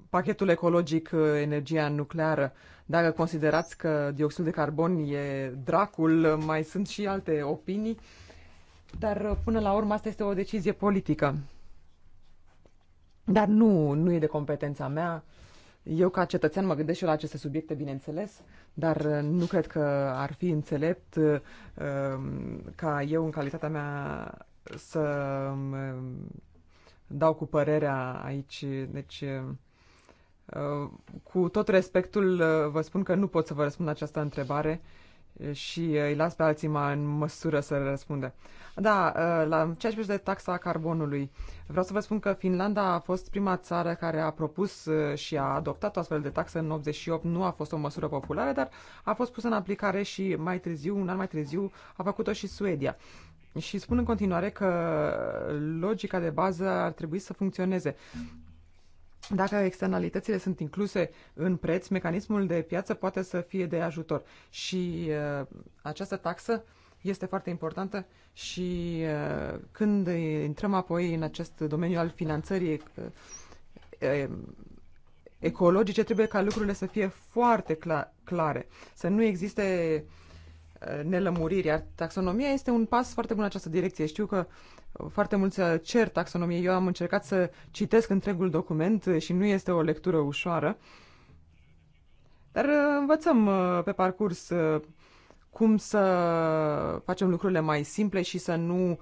pachetul ecologic uh, energia nucleară. Dacă considerați că dioxidul de carbon e dracul, mai sunt și alte opinii, dar uh, până la urmă asta este o decizie politică. Dar nu, nu e de competența mea. Eu, ca cetățean, mă gândesc și eu la aceste subiecte, bineînțeles, dar uh, nu cred că ar fi înțelept uh, um, ca eu, în calitatea mea, să um, dau cu părerea aici. Deci, uh, cu tot respectul, vă spun că nu pot să vă răspund această întrebare și uh, îi las pe alții mai în măsură să răspundă. Da, uh, la ceea ce de taxa carbonului, vreau să vă spun că Finlanda a fost prima țară care a propus uh, și a adoptat o astfel de taxă în 88. Nu a fost o măsură populară, dar a fost pusă în aplicare și mai târziu, un an mai târziu, a făcut-o și Suedia. Și spun în continuare că logica de bază ar trebui să funcționeze. Dacă externalitățile sunt incluse în preț, mecanismul de piață poate să fie de ajutor. Și uh, această taxă este foarte importantă și uh, când intrăm apoi în acest domeniu al finanțării uh, uh ecologice, trebuie ca lucrurile să fie foarte cla- clare, să nu existe uh, Uh, nelămuriri, iar taxonomia este un pas foarte bun în această direcție. Știu că uh, foarte mulți uh, cer taxonomie. Eu am încercat să citesc întregul document și nu este o lectură ușoară. Dar învățăm pe parcurs cum să facem lucrurile mai simple și să nu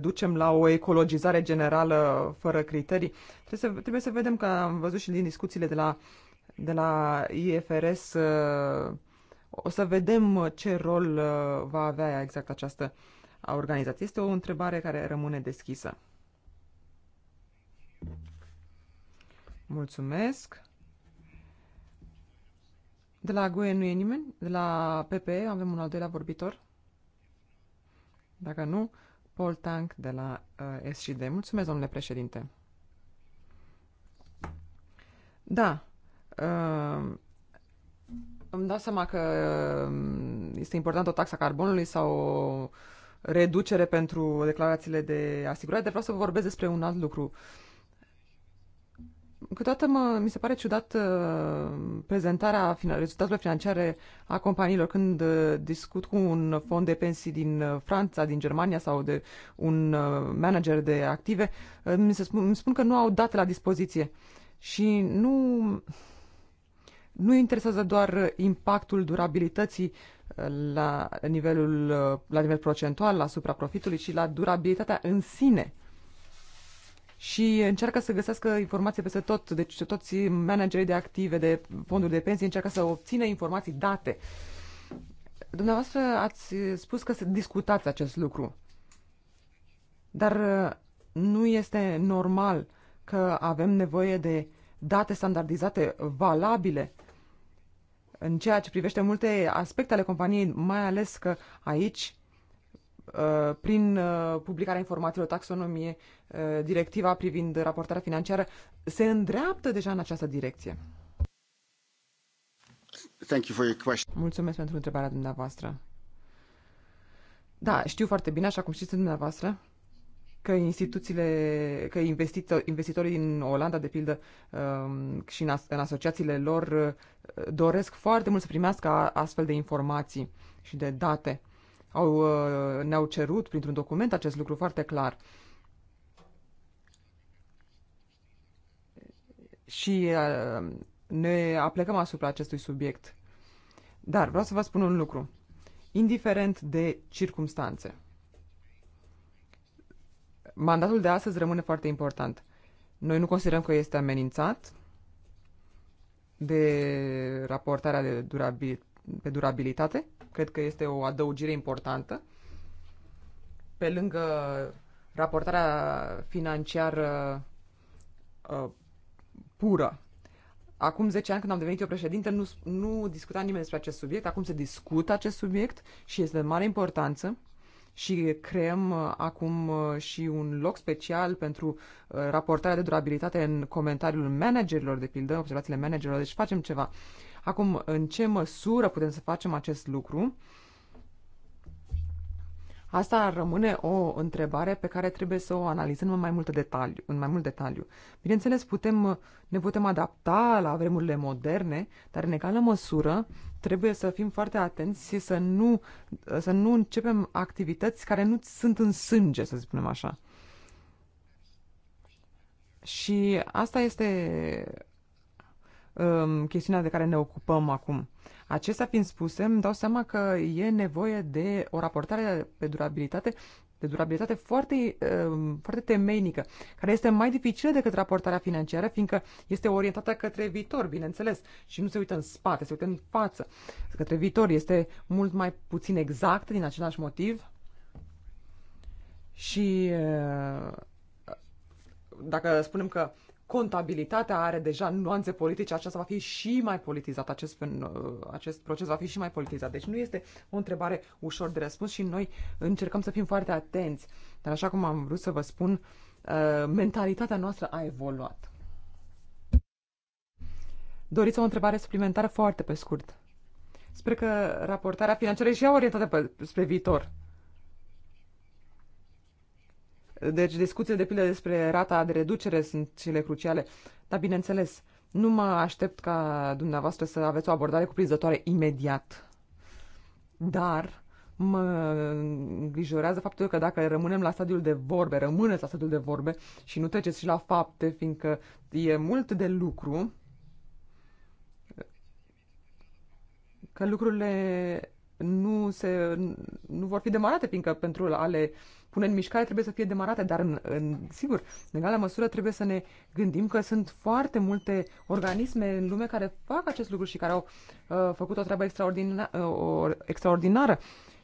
ducem la o ecologizare generală fără criterii. Trebuie să, trebuie să vedem că am văzut și din discuțiile de la, de la IFRS o să vedem uh, ce rol uh, va avea exact această organizație. Este o întrebare care rămâne deschisă. Mulțumesc. De la GUE nu e nimeni? De la PPE avem un al doilea vorbitor? Dacă nu, Paul Tank de la uh, SCD. Mulțumesc, domnule președinte. Da, uh, îmi dau seama că um, este importantă o taxa carbonului sau o reducere pentru declarațiile de asigurare, dar vreau să vorbesc despre un alt lucru. Câteodată mă, mi se pare ciudat uh, prezentarea rezultatelor financiare a companiilor când uh, discut cu un fond de pensii din uh, Franța, din Germania sau de un manager de active, mi se spun, mi spun că nu au date la dispoziție și nu nu interesează doar impactul durabilității uh, la nivelul, uh, la nivel procentual asupra profitului, ci la durabilitatea în sine. Și încearcă să găsească informații peste tot, deci toți managerii de active, de fonduri de pensii încearcă să obțină informații, date. Dumneavoastră ați spus că discutați acest lucru, dar uh, nu este normal că avem nevoie de date standardizate valabile în ceea ce privește multe aspecte ale companiei, mai ales că aici, uh, prin uh, publicarea informațiilor, taxonomie, uh, directiva privind raportarea financiară, se îndreaptă deja în această direcție. Thank you for your question. Mulțumesc pentru întrebarea dumneavoastră. Da, știu foarte bine, așa cum știți dumneavoastră, că instituțiile, că investito- investitorii din Olanda, de pildă, um, și în, as- în asociațiile lor uh, doresc foarte mult să primească astfel de informații și de date. Au, uh, ne-au cerut printr-un document acest lucru foarte clar. Și uh, ne aplecăm asupra acestui subiect. Dar vreau să vă spun un lucru. Indiferent de circumstanțe, mandatul de astăzi rămâne foarte important. Noi nu considerăm că este amenințat de raportarea de durabil, pe durabilitate. Cred că este o adăugire importantă. Pe lângă raportarea financiară uh, pură. Acum 10 ani, când am devenit eu președinte, nu, nu discuta nimeni despre acest subiect. Acum se discută acest subiect și este de mare importanță și creăm uh, acum uh, și un loc special pentru uh, raportarea de durabilitate în comentariul managerilor, de pildă, observațiile managerilor, deci facem ceva. Acum, în ce măsură putem să facem acest lucru? Asta rămâne o întrebare pe care trebuie să o analizăm în mai, multe detaliu, în mai mult detaliu. Bineînțeles, putem, ne putem adapta la vremurile moderne, dar în egală măsură trebuie să fim foarte atenți și să nu, să nu începem activități care nu sunt în sânge, să spunem așa. Și asta este um, chestiunea de care ne ocupăm acum. Acestea fiind spuse, îmi dau seama că e nevoie de o raportare pe durabilitate de durabilitate foarte, ehm, foarte temeinică, care este mai dificilă decât raportarea financiară, fiindcă este orientată către viitor, bineînțeles, și nu se uită în spate, se uită în față. Către viitor este mult mai puțin exact din același motiv și ehm, dacă spunem că contabilitatea are deja nuanțe politice, aceasta va fi și mai politizată, acest, uh, acest proces va fi și mai politizat. Deci nu este o întrebare ușor de răspuns și noi încercăm să fim foarte atenți. Dar așa cum am vrut să vă spun, uh, mentalitatea noastră a evoluat. Doriți o întrebare suplimentară foarte pe scurt. Sper că raportarea financiară și ea orientată pe, spre viitor. Deci discuțiile de pildă despre rata de reducere sunt cele cruciale. Dar bineînțeles, nu mă aștept ca dumneavoastră să aveți o abordare cuprinzătoare imediat. Dar mă îngrijorează faptul că dacă rămânem la stadiul de vorbe, rămâneți la stadiul de vorbe și nu treceți și la fapte, fiindcă e mult de lucru, că lucrurile nu, se, nu vor fi demarate, fiindcă pentru a le pune în mișcare trebuie să fie demarate, dar în, în, sigur, în egală măsură trebuie să ne gândim că sunt foarte multe organisme în lume care fac acest lucru și care au uh, făcut o treabă extraordinar, uh, o, extraordinară,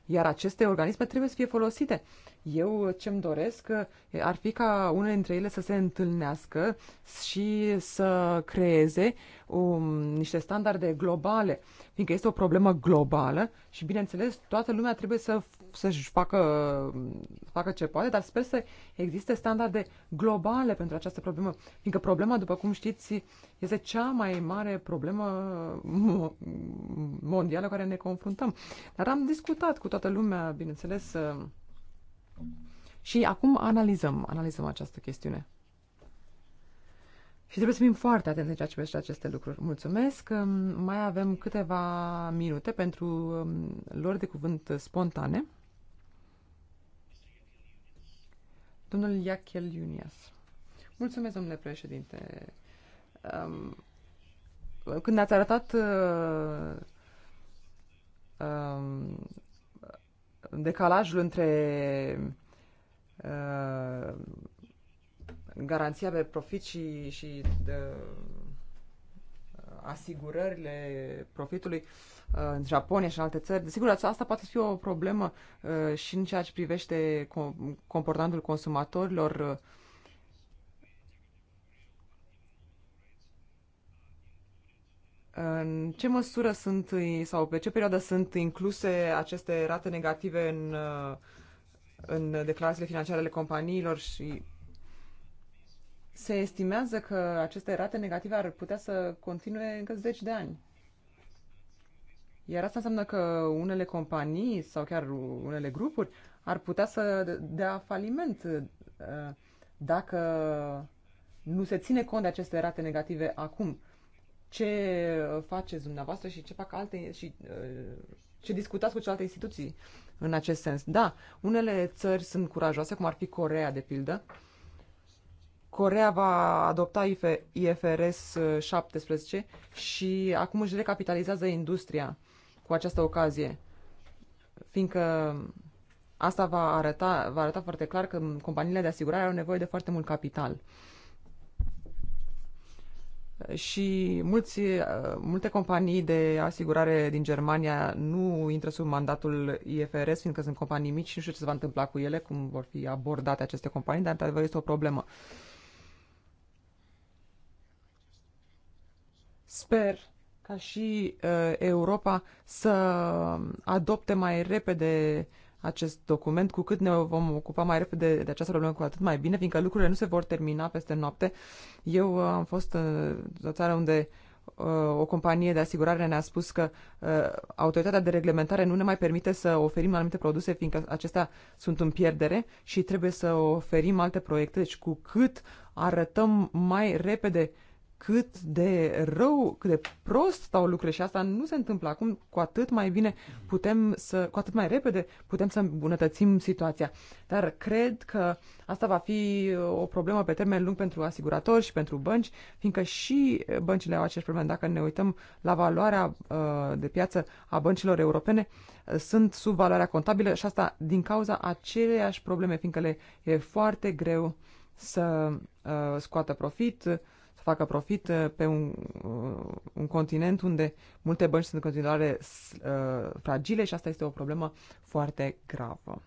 iar aceste organisme trebuie să fie folosite. Uh, eu ce-mi doresc ar fi ca unele dintre ele să se întâlnească și să creeze um, niște standarde globale, fiindcă este o problemă globală și, bineînțeles, toată lumea trebuie să, să-și facă, să facă ce poate, dar sper să existe standarde globale pentru această problemă, fiindcă problema, după cum știți, este cea mai mare problemă mondială cu care ne confruntăm. Dar am discutat cu toată lumea, bineînțeles, și acum analizăm, analizăm această chestiune. Și trebuie să fim foarte atenți în ceea ce privește aceste lucruri. Mulțumesc! Mai avem câteva minute pentru um, lor de cuvânt spontane. Domnul Iachel Iunias. Mulțumesc, domnule președinte. Um, când ați arătat uh, um, decalajul între uh, garanția pe profit și, și uh, asigurările profitului uh, în Japonia și în alte țări. Desigur, asta poate fi o problemă uh, și în ceea ce privește comportamentul consumatorilor uh, În ce măsură sunt, sau pe ce perioadă sunt incluse aceste rate negative în, în declarațiile financiare ale companiilor și se estimează că aceste rate negative ar putea să continue încă zeci de ani. Iar asta înseamnă că unele companii sau chiar unele grupuri ar putea să dea faliment uh, dacă nu se ține cont de aceste rate negative acum ce faceți dumneavoastră și ce fac alte și uh, ce discutați cu celelalte instituții în acest sens. Da, unele țări sunt curajoase, cum ar fi Corea, de pildă. Corea va adopta IFRS 17 uh, și acum își recapitalizează industria cu această ocazie, fiindcă asta va arăta, va arăta foarte clar că companiile de asigurare au nevoie de foarte mult capital și mulți, uh, multe companii de asigurare din Germania nu intră sub mandatul IFRS, fiindcă sunt companii mici și nu știu ce se va întâmpla cu ele, cum vor fi abordate aceste companii, dar într-adevăr este o problemă. Sper ca și uh, Europa să adopte mai repede uh, acest document, cu cât ne vom ocupa mai repede de această problemă, cu atât mai bine, fiindcă lucrurile nu se vor termina peste noapte. Eu uh, am fost uh, în o țară unde uh, o companie de asigurare ne-a spus că uh, autoritatea de reglementare nu ne mai permite să oferim anumite produse, fiindcă acestea sunt în pierdere și trebuie să oferim alte proiecte. Deci, cu cât arătăm mai repede cât de rău, cât de prost stau lucrurile și asta nu se întâmplă acum, cu atât mai bine putem să, cu atât mai repede putem să îmbunătățim situația. Dar cred că asta va fi o problemă pe termen lung pentru asiguratori și pentru bănci, fiindcă și băncile au aceeași probleme. Dacă ne uităm la valoarea uh, de piață a băncilor europene, uh, sunt sub valoarea contabilă și asta din cauza aceleiași probleme, fiindcă le e foarte greu să uh, scoată profit, facă profit uh, pe un, uh, un continent unde multe bănci sunt în continuare uh, fragile și asta este o problemă foarte gravă.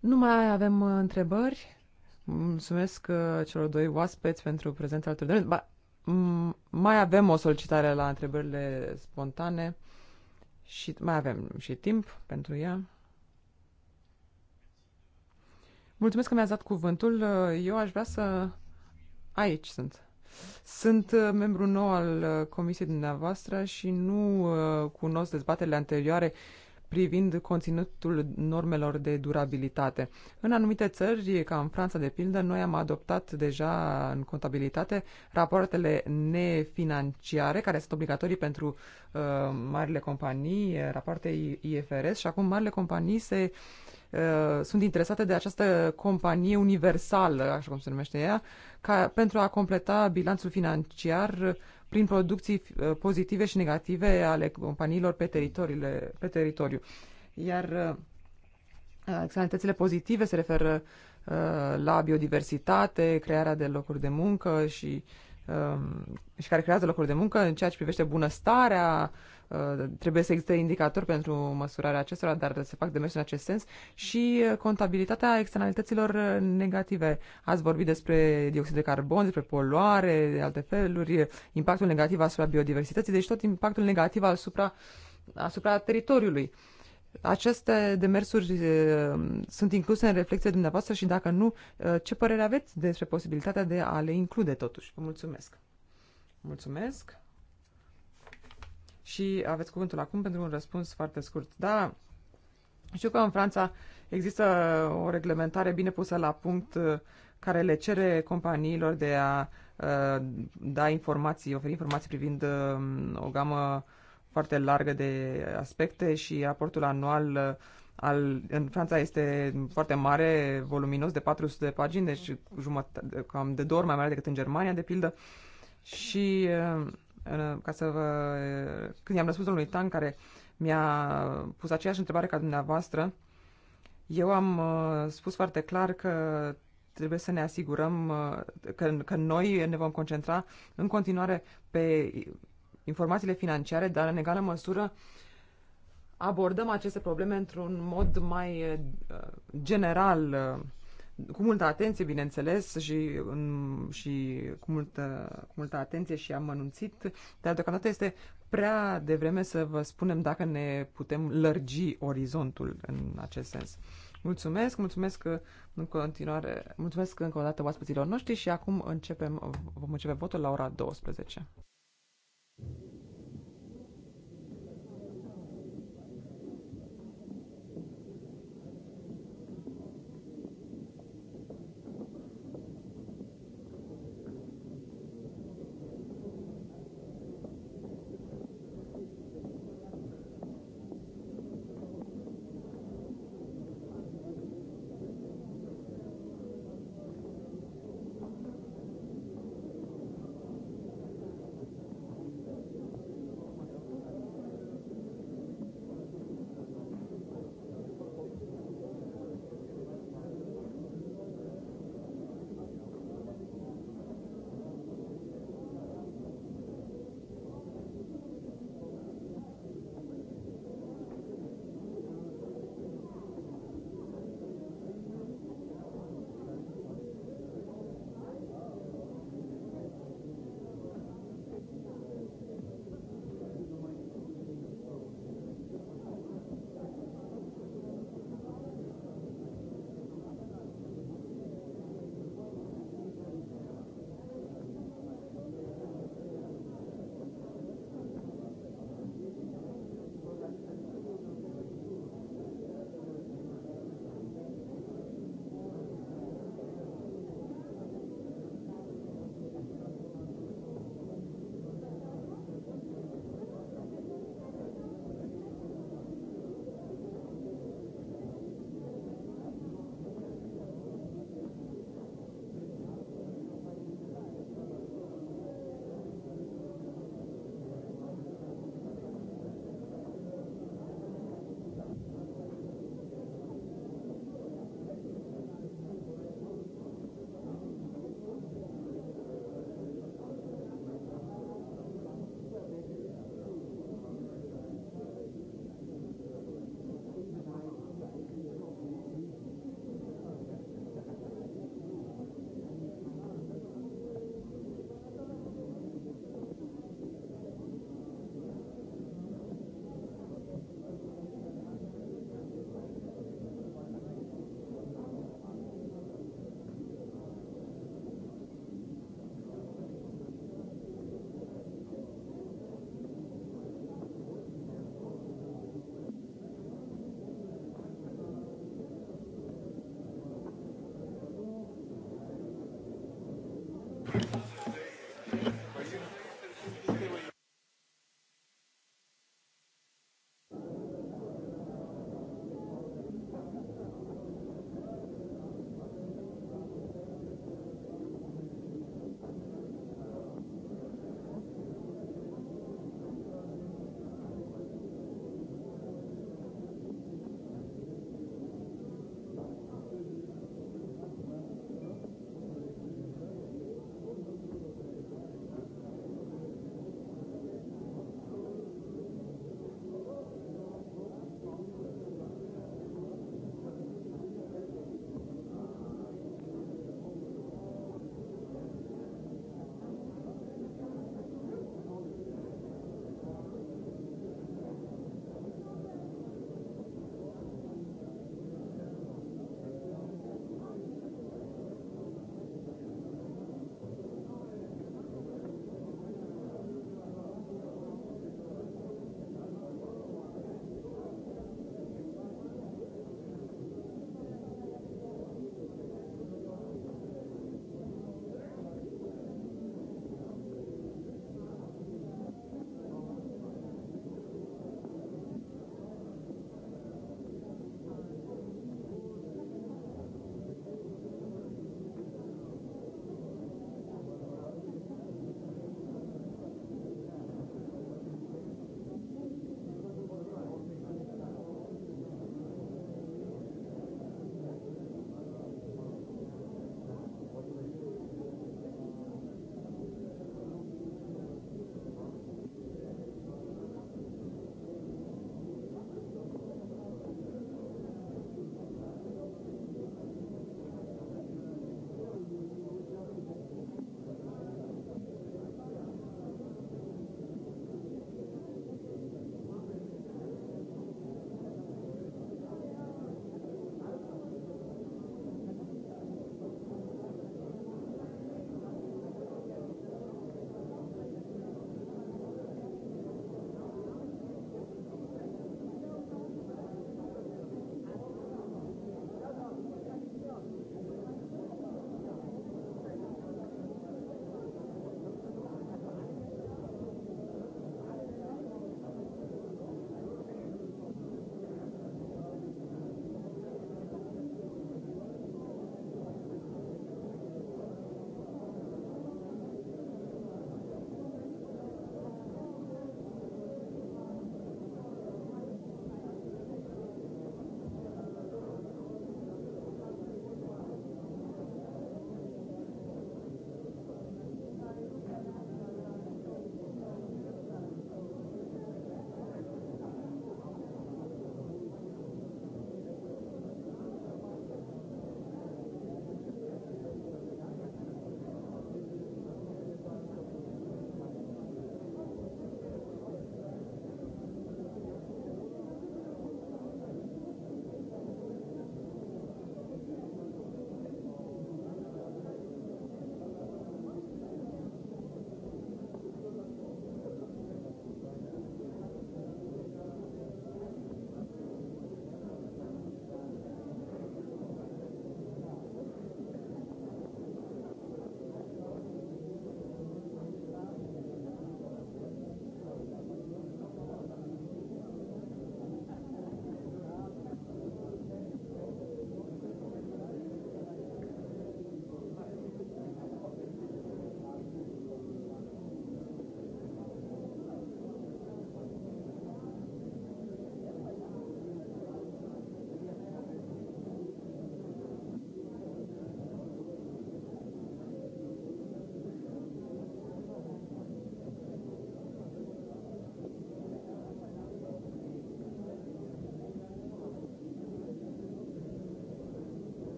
Nu mai avem uh, întrebări. Mulțumesc celor doi oaspeți pentru prezența altor de ba, Mai avem o solicitare la întrebările spontane și mai avem și timp pentru ea. Mulțumesc că mi-ați dat cuvântul. Uh, eu aș vrea să... Aici sunt. Sunt uh, membru nou al uh, comisiei dumneavoastră și nu cunosc dezbaterile anterioare uh, privind conținutul normelor de durabilitate. În anumite țări, ca în Franța de pildă, noi am adoptat deja în contabilitate rapoartele nefinanciare, care sunt obligatorii pentru uh, marile companii, rapoarte IFRS și acum marile companii se uh, sunt interesate de această companie universală, așa cum se numește ea, ca, pentru a completa bilanțul financiar prin producții uh, pozitive și negative ale companiilor pe, teritoriile, pe teritoriu. Iar uh, externalitățile pozitive se referă uh, la biodiversitate, crearea de locuri de muncă și, um, și care creează locuri de muncă în ceea ce privește bunăstarea Uh, trebuie să existe indicatori pentru măsurarea acestora, dar se fac demersuri în acest sens și uh, contabilitatea externalităților uh, negative. Ați vorbit despre dioxid de carbon, despre poluare, de alte feluri, impactul negativ asupra biodiversității, deci tot impactul negativ asupra, asupra teritoriului. Aceste demersuri sunt incluse în reflexia dumneavoastră și dacă nu, ce părere aveți despre posibilitatea de a le include totuși? Vă mulțumesc! Mulțumesc! și aveți cuvântul acum pentru un răspuns foarte scurt. Da, știu că în Franța există o reglementare bine pusă la punct uh, care le cere companiilor de a uh, da informații, oferi informații privind um, o gamă foarte largă de aspecte și aportul anual uh, al, în Franța este foarte mare, voluminos, de 400 de pagini, deci jumătate, cam de două ori mai mare decât în Germania, de pildă. Și uh, ca să vă... Când i-am răspuns domnului Tan, care mi-a pus aceeași întrebare ca dumneavoastră, eu am uh, spus foarte clar că trebuie să ne asigurăm uh, că, că noi ne vom concentra în continuare pe informațiile financiare, dar în egală măsură abordăm aceste probleme într-un mod mai uh, general cu multă atenție, bineînțeles, și, în, și cu, multă, cu multă atenție și am anunțit, dar deocamdată este prea devreme să vă spunem dacă ne putem lărgi orizontul în acest sens. Mulțumesc, mulțumesc în continuare, mulțumesc încă o dată oaspeților noștri și acum începem, vom începe votul la ora 12.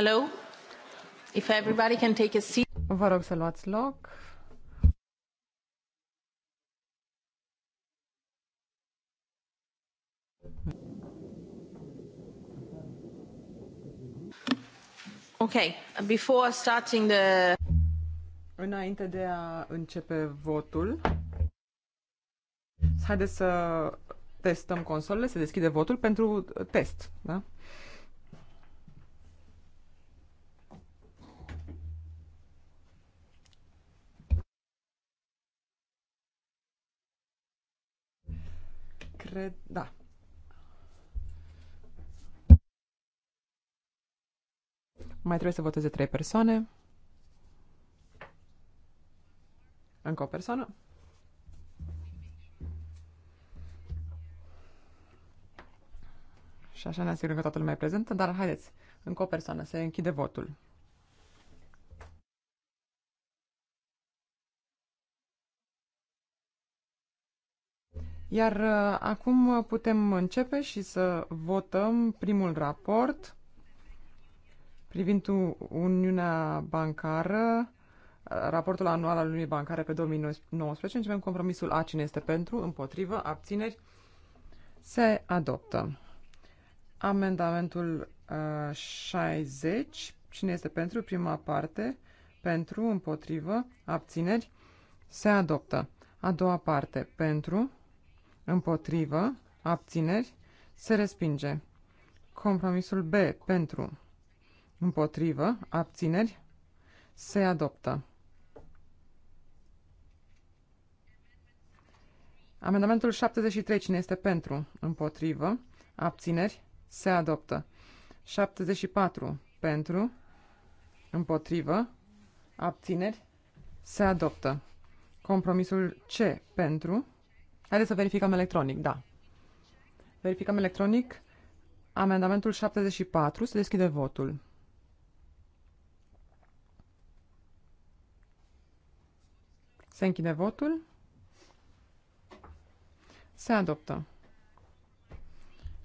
Hello? If everybody can take a seat. Vă rog să luați loc. Okay, before starting the Înainte de a începe votul, haideți să testăm consolele, să deschide votul pentru test, da? Cred, da. Mai trebuie să voteze trei persoane. Încă o persoană. Și așa ne asigurăm că toată lumea e prezentă, dar haideți, încă o persoană, se închide votul. Iar uh, acum putem începe și să votăm primul raport privind Uniunea Bancară, uh, raportul anual al Uniunii Bancare pe 2019. Începem compromisul A. Cine este pentru? Împotrivă? Abțineri? Se adoptă. Amendamentul uh, 60. Cine este pentru? Prima parte. Pentru, împotrivă, abțineri. Se adoptă. A doua parte. Pentru, Împotrivă. Abțineri. Se respinge. Compromisul B. Pentru. Împotrivă. Abțineri. Se adoptă. Amendamentul 73. Cine este pentru? Împotrivă. Abțineri. Se adoptă. 74. Pentru. Împotrivă. Abțineri. Se adoptă. Compromisul C. Pentru. Haideți să verificăm electronic, da. Verificăm electronic amendamentul 74. Se deschide votul. Se închide votul. Se adoptă.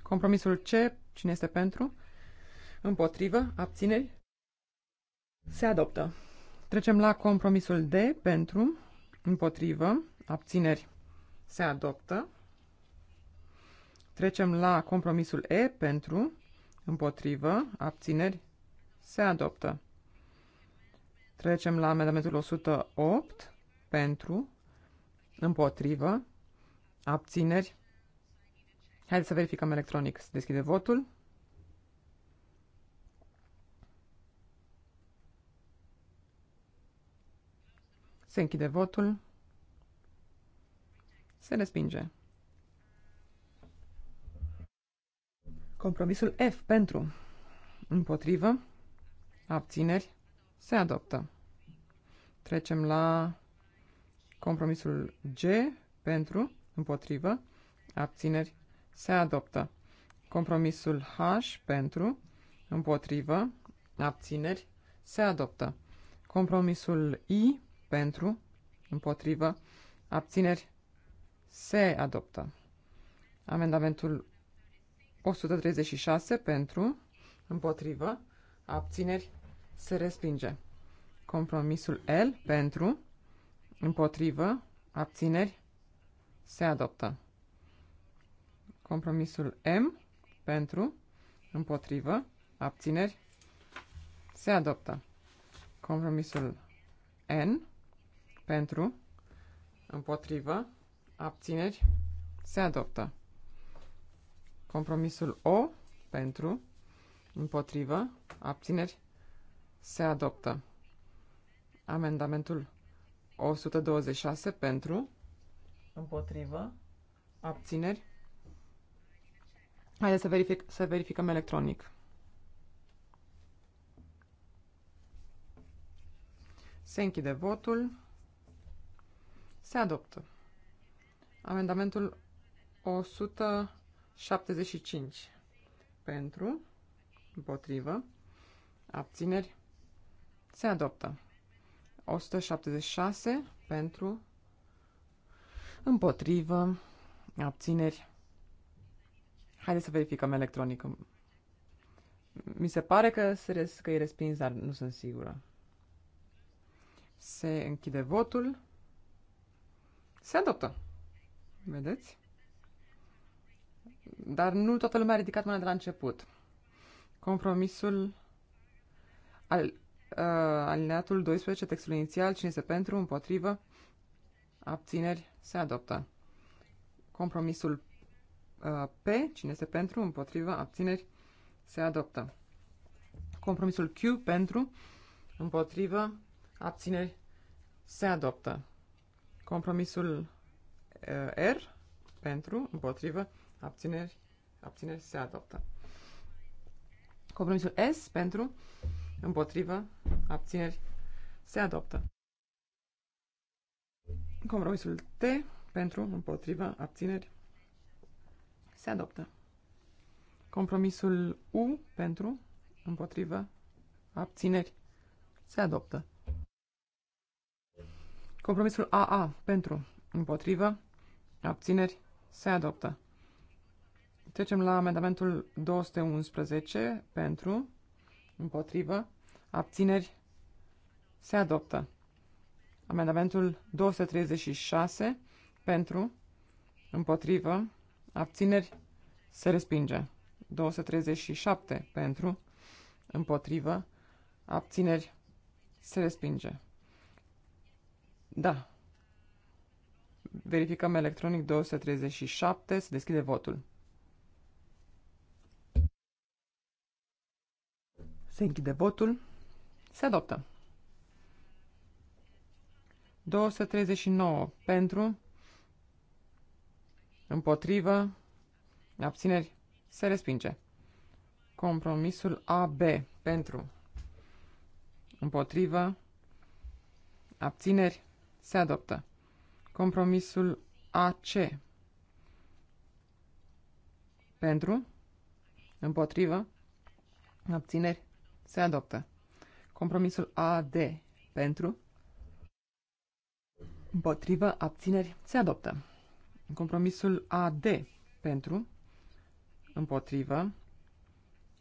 Compromisul C, cine este pentru? Împotrivă, abțineri? Se adoptă. Trecem la compromisul D, pentru, împotrivă, abțineri se adoptă. Trecem la compromisul E pentru, împotrivă, abțineri, se adoptă. Trecem la amendamentul 108 pentru, împotrivă, abțineri. Haideți să verificăm electronic. Se deschide votul. Se închide votul. Se respinge. Compromisul F pentru împotrivă, abțineri, se adoptă. Trecem la compromisul G pentru împotrivă, abțineri, se adoptă. Compromisul H pentru împotrivă, abțineri, se adoptă. Compromisul I pentru împotrivă, abțineri, se adoptă. Amendamentul 136 pentru, împotrivă, abțineri, se respinge. Compromisul L pentru, împotrivă, abțineri, se adoptă. Compromisul M pentru, împotrivă, abțineri, se adoptă. Compromisul N pentru, împotrivă, abțineri, se adoptă. Compromisul O pentru, împotrivă, abțineri, se adoptă. Amendamentul 126 pentru, împotrivă, abțineri. Haideți să, verific, să verificăm electronic. Se închide votul. Se adoptă. Amendamentul 175 pentru, împotrivă, abțineri, se adoptă. 176 pentru, împotrivă, abțineri. Haideți să verificăm electronic. Mi se pare că, se, că e respins, dar nu sunt sigură. Se închide votul. Se adoptă. Vedeți? Dar nu toată lumea a ridicat mâna de la început. Compromisul al, uh, alineatul 12, textul inițial, cine este pentru, împotrivă, abțineri, se adoptă. Compromisul uh, P, cine este pentru, împotrivă, abțineri, se adoptă. Compromisul Q, pentru, împotrivă, abțineri, se adoptă. Compromisul R pentru, împotrivă, abțineri, abțineri se adoptă. Compromisul S pentru, împotrivă, abțineri se adoptă. Compromisul T pentru, împotrivă, abțineri se adoptă. Compromisul U pentru, împotrivă, abțineri se adoptă. Compromisul AA pentru, împotrivă, Abțineri? Se adoptă. Trecem la amendamentul 211 pentru, împotrivă, abțineri, se adoptă. Amendamentul 236 pentru, împotrivă, abțineri, se respinge. 237 pentru, împotrivă, abțineri, se respinge. Da, Verificăm electronic 237. Se deschide votul. Se închide votul. Se adoptă. 239 pentru, împotrivă, abțineri, se respinge. Compromisul AB pentru, împotrivă, abțineri, se adoptă. Compromisul AC. Pentru. Împotrivă. Abțineri. Se adoptă. Compromisul AD. Pentru. Împotrivă. Abțineri. Se adoptă. Compromisul AD. Pentru. Împotrivă.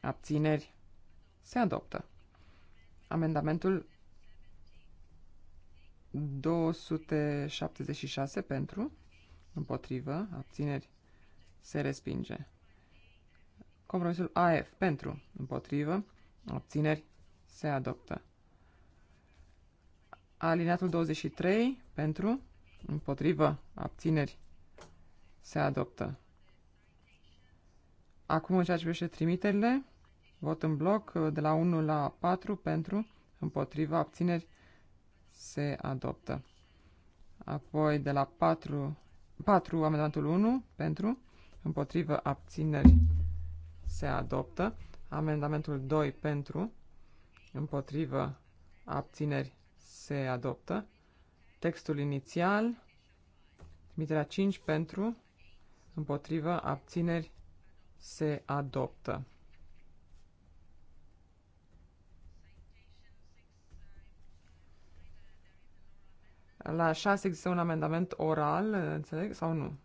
Abțineri. Se adoptă. Amendamentul 276 pentru, împotrivă, abțineri, se respinge. Compromisul AF pentru, împotrivă, abțineri, se adoptă. Alineatul 23 pentru, împotrivă, abțineri, se adoptă. Acum în ceea ce privește trimiterile, vot în bloc de la 1 la 4 pentru, împotriva, abțineri, se adoptă. Apoi de la 4, 4 amendamentul 1 pentru, împotrivă abțineri se adoptă. Amendamentul 2 pentru, împotrivă abțineri se adoptă. Textul inițial, trimiterea 5 pentru, împotrivă abțineri se adoptă. La 6 există un amendament oral, înțeleg, sau nu?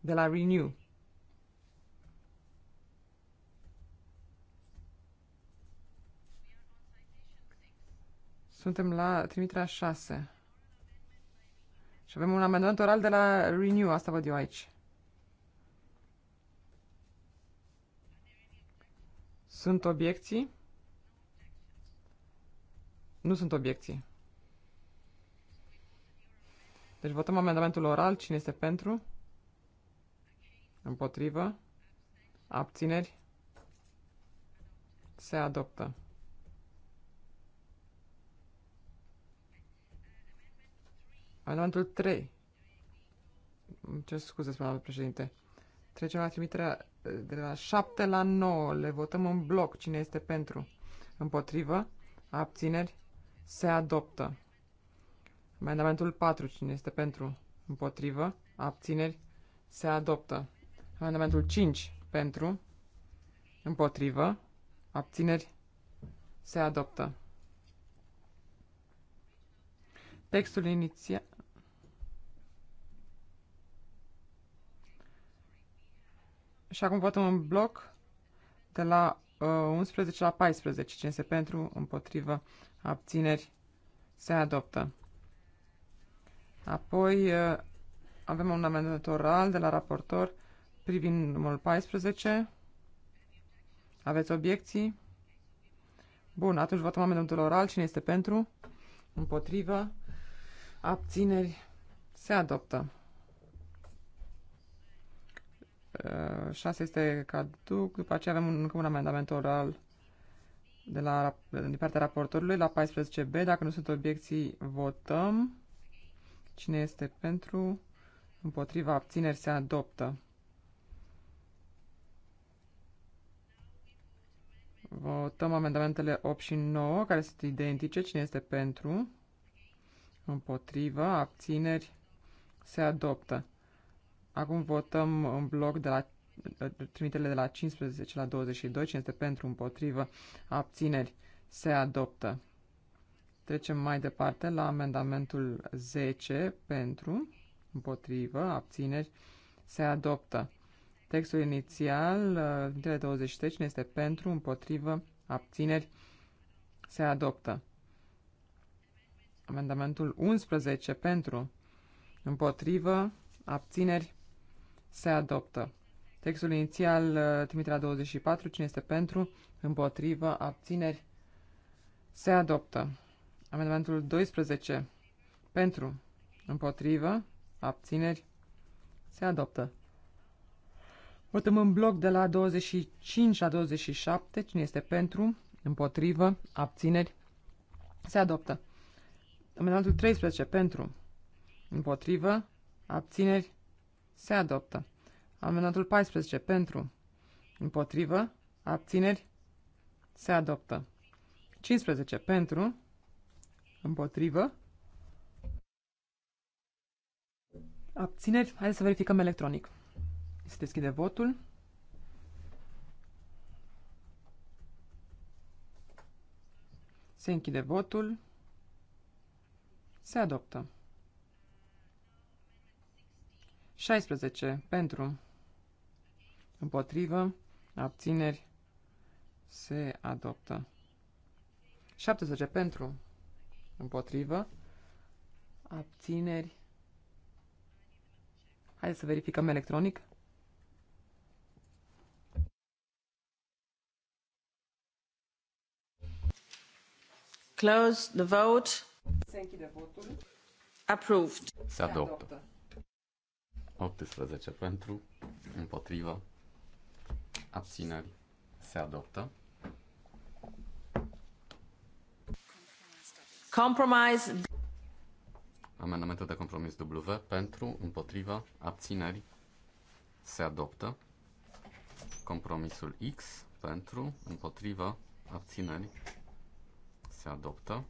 De la Renew. Suntem la trimiterea 6. Și avem un amendament oral de la Renew, asta văd eu aici. Sunt obiecții? Nu sunt obiecții. Deci votăm amendamentul oral. Cine este pentru? Împotrivă? Abțineri? Se adoptă. Amendamentul 3. Ce scuze, spune președinte. Trecem la trimiterea de la 7 la 9. Le votăm în bloc. Cine este pentru? Împotrivă? Abțineri? se adoptă. Amendamentul 4, cine este pentru, împotrivă, abțineri, se adoptă. Amendamentul 5, pentru, împotrivă, abțineri, se adoptă. Textul inițial. Și acum votăm în bloc de la uh, 11 la 14, cine este pentru, împotrivă, abțineri, se adoptă. Apoi uh, avem un amendament oral de la raportor privind numărul 14. Aveți obiecții? Bun, atunci votăm amendamentul oral. Cine este pentru? Împotrivă? Abțineri? Se adoptă. 6 uh, este caduc. După aceea avem un, încă un amendament oral de la, din partea raportorului la 14b. Dacă nu sunt obiecții, votăm. Cine este pentru? Împotriva abțineri se adoptă. Votăm amendamentele 8 și 9, care sunt identice. Cine este pentru? Împotriva Abțineri. Se adoptă. Acum votăm în bloc de la trimiterile de la 15 la 22, cine este pentru, împotrivă, abțineri, se adoptă. Trecem mai departe la amendamentul 10, pentru, împotrivă, abțineri, se adoptă. Textul inițial, uh, trimiterile 23, cine este pentru, împotrivă, abțineri, se adoptă. Amendamentul 11, pentru, împotrivă, abțineri, se adoptă. Textul inițial, uh, trimiterea 24, cine este pentru, împotrivă, abțineri, se adoptă. Amendamentul 12, pentru, împotrivă, abțineri, se adoptă. Votăm în bloc de la 25 la 27, cine este pentru, împotrivă, abțineri, se adoptă. Amendamentul 13, pentru, împotrivă, abțineri, se adoptă. Amendamentul 14 pentru, împotrivă, abțineri, se adoptă. 15 pentru, împotrivă, abțineri. Haideți să verificăm electronic. Se deschide votul. Se închide votul. Se adoptă. 16 pentru Împotrivă. Abțineri. Se adoptă. 70 pentru. Împotrivă. Abțineri. Haideți să verificăm electronic. Close the vote. Se închide votul. Approved. Se adoptă. 18 pentru, împotrivă, abțineri, se adoptă. Compromise. Amendamentul de compromis W pentru, împotriva, abțineri, se adoptă. Compromisul X pentru, împotriva, abțineri, se adoptă.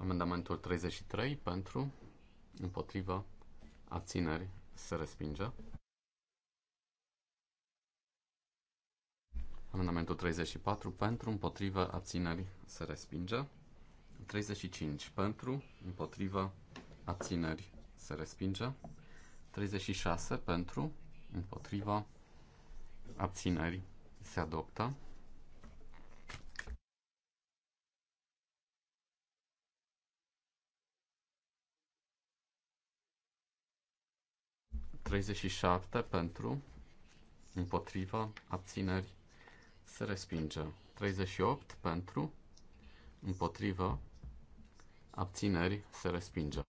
Amendamentul 33 pentru, împotriva, abțineri se respinge. Amendamentul 34 pentru, împotrivă, abțineri se respinge. 35 pentru, împotrivă, abțineri se respinge. 36 pentru, împotriva, abțineri se adoptă. 37 pentru, împotriva, abțineri, se respinge. 38 pentru, împotriva, abțineri, se respinge.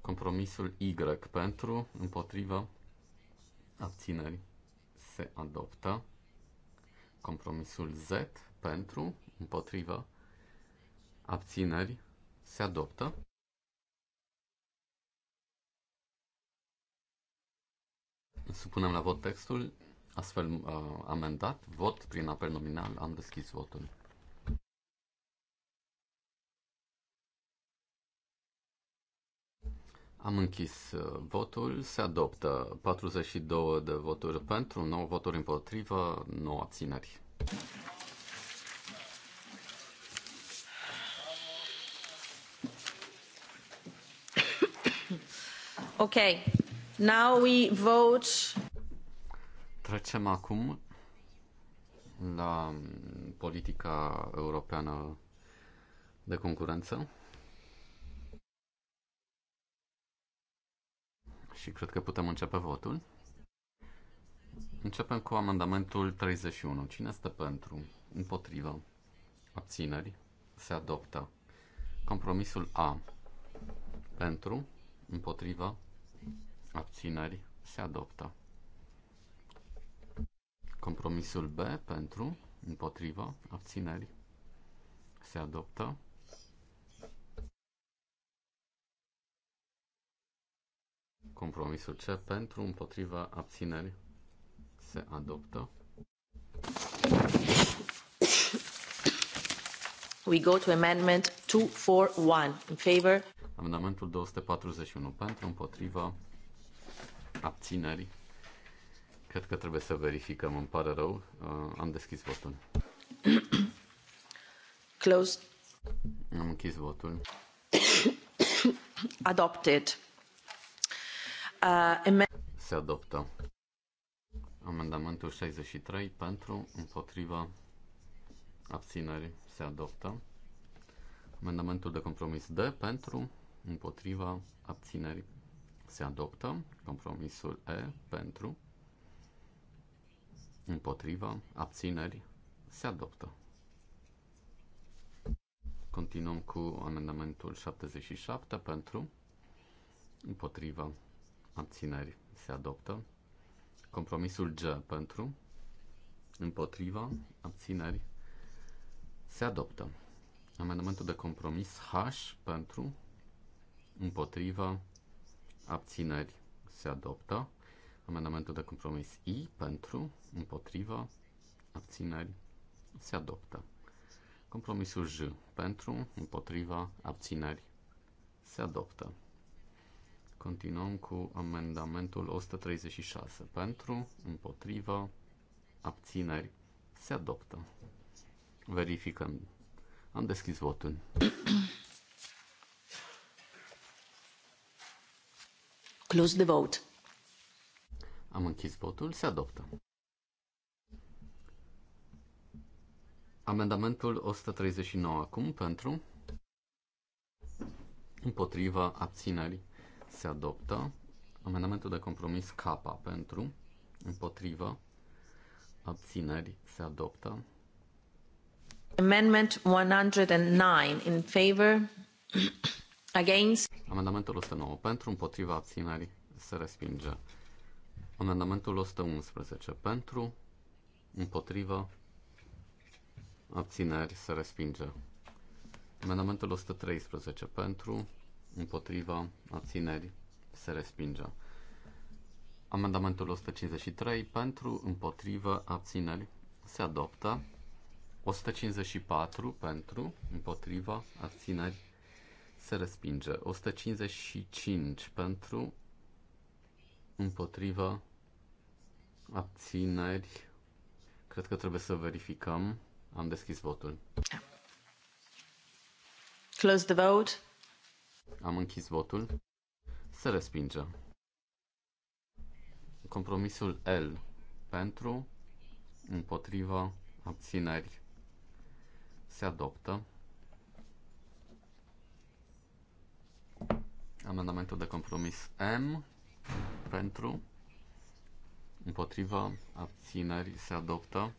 Compromisul Y pentru, împotriva, abțineri, se adoptă. Compromisul Z pentru, împotriva, abțineri, se adoptă. Supunem la vot textul astfel uh, amendat. Vot prin apel nominal. Am deschis votul. Am închis uh, votul. Se adoptă 42 de voturi pentru, 9 voturi împotrivă, 9 abțineri. Ok. Now we vote. Trecem acum la um, politica europeană de concurență. Și cred că putem începe votul. Începem cu amendamentul 31. Cine este pentru? Împotrivă. Abțineri. Se adoptă. Compromisul A. Pentru. Împotrivă abțineri, se adoptă. Compromisul B pentru, împotriva, abțineri, se adoptă. Compromisul C pentru, împotriva, abțineri, se adoptă. We go to amendment 241 in favor. Amendamentul 241 pentru, împotriva, abținerii. Cred că trebuie să verificăm, îmi pare rău. Uh, am deschis votul. Closed. Am închis votul. Adopted. Uh, Se adoptă. Amendamentul 63 pentru, împotriva, abțineri se adoptă. Amendamentul de compromis D pentru, împotriva, abțineri se adoptă. Compromisul E pentru, împotriva, abțineri, se adoptă. Continuăm cu amendamentul 77 pentru, împotriva, abțineri, se adoptă. Compromisul G pentru, împotriva, abțineri, se adoptă. Amendamentul de compromis H pentru, împotriva, abțineri se adoptă. Amendamentul de compromis I pentru, împotrivă, abțineri se adoptă. Compromisul J pentru, împotriva, abțineri se adoptă. Continuăm cu amendamentul 136 pentru, împotriva, abțineri se adoptă. Verificăm. Am deschis votul. Close the vote. Am închis votul. Se adoptă. Amendamentul 139 acum pentru împotriva abținerii se adoptă. Amendamentul de compromis K pentru împotriva abținerii se adoptă. Amendment 109 in favor Against. Amendamentul 109 pentru, împotriva abținerii se respinge. Amendamentul 111 pentru, împotriva abțineri se respinge. Amendamentul 113 pentru, împotriva abțineri se respinge. Amendamentul 153 pentru, împotriva abțineri se adoptă. 154 pentru, împotriva abțineri se respinge. 155 pentru, împotriva, abțineri. Cred că trebuie să verificăm. Am deschis votul. Close the vote. Am închis votul. Se respinge. Compromisul L pentru, împotriva, abțineri. Se adoptă. Amendamentul de compromis M pentru, împotriva, abțineri se adoptă.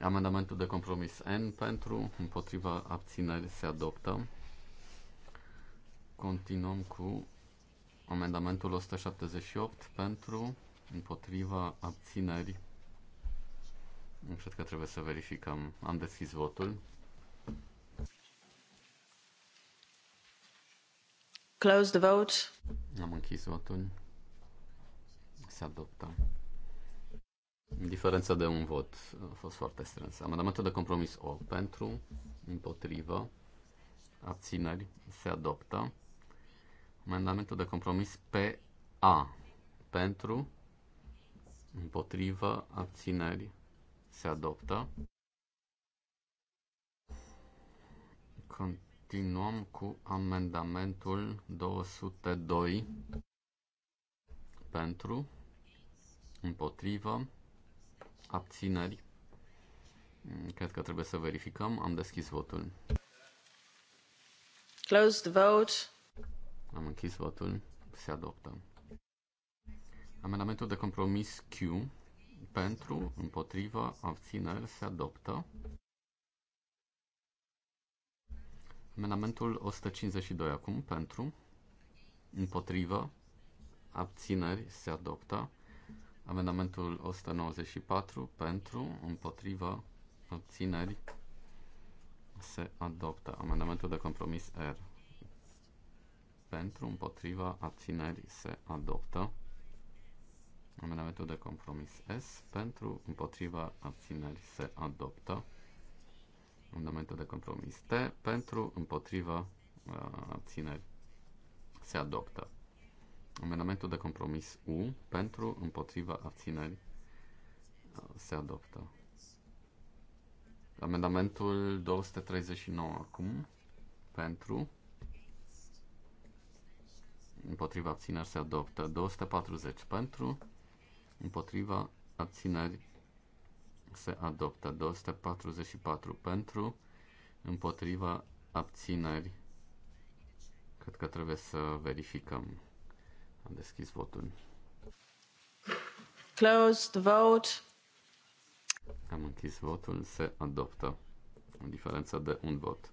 Amendamentul de compromis N pentru, împotriva, abțineri se adoptă. Continuăm cu amendamentul 178 pentru, împotriva, abțineri. Cred că trebuie să verificăm. Am deschis votul. Close the vote. Am închis votul. Se adoptă. Diferența de un vot a fost foarte strânsă. Amendamentul de compromis O pentru, împotrivă, abțineri, se adoptă. Amendamentul de compromis PA pentru, împotrivă, abțineri, se adoptă. Cont- continuăm cu amendamentul 202 pentru, împotrivă, abțineri. Cred că trebuie să verificăm. Am deschis votul. Closed vote. Am închis votul. Se adoptă. Amendamentul de compromis Q pentru, împotrivă, abțineri se adoptă. Amendamentul 152 acum pentru, împotrivă, abțineri se adoptă. Amendamentul 194 pentru, împotrivă, abțineri se adoptă. Amendamentul de compromis R pentru, împotriva, abțineri se adoptă. Amendamentul de compromis S pentru, împotriva, abțineri se adoptă. Amendamentul de compromis T pentru, împotriva, uh, abțineri se adoptă. Amendamentul de compromis U pentru, împotriva, abțineri uh, se adoptă. Amendamentul 239 acum pentru împotriva abțineri se adoptă 240 pentru împotriva abțineri se adoptă. 244 pentru, împotriva abțineri. Cred că trebuie să verificăm. Am deschis votul. Close the vote. Am închis votul, se adoptă. În diferență de un vot.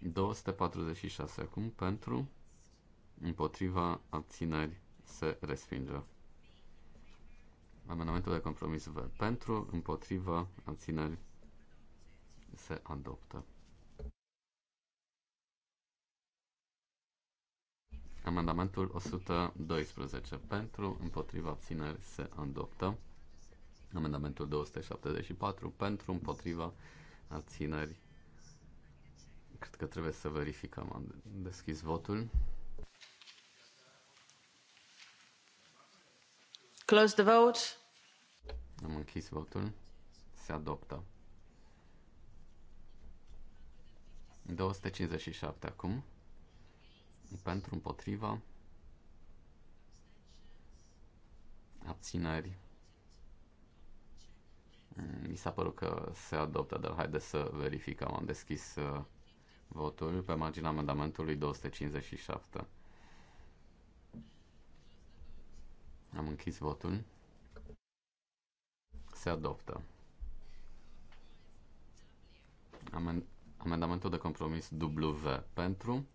246 acum pentru, împotriva abțineri se respinge. Amendamentul de compromis V. Pentru, împotrivă, abțineri se adoptă. Amendamentul 112. Pentru, împotriva, abțineri se adoptă. Amendamentul 274. Pentru, împotriva, abțineri. Cred că trebuie să verificăm. Am deschis votul. Close the vote. Am închis votul. Se adoptă. 257 acum. Pentru împotriva. Abținări. Mi s-a părut că se adoptă, dar haide să verificăm. Am deschis uh, votul pe marginea amendamentului 257. Am închis votul. Se adoptă. Amend- amendamentul de compromis W pentru,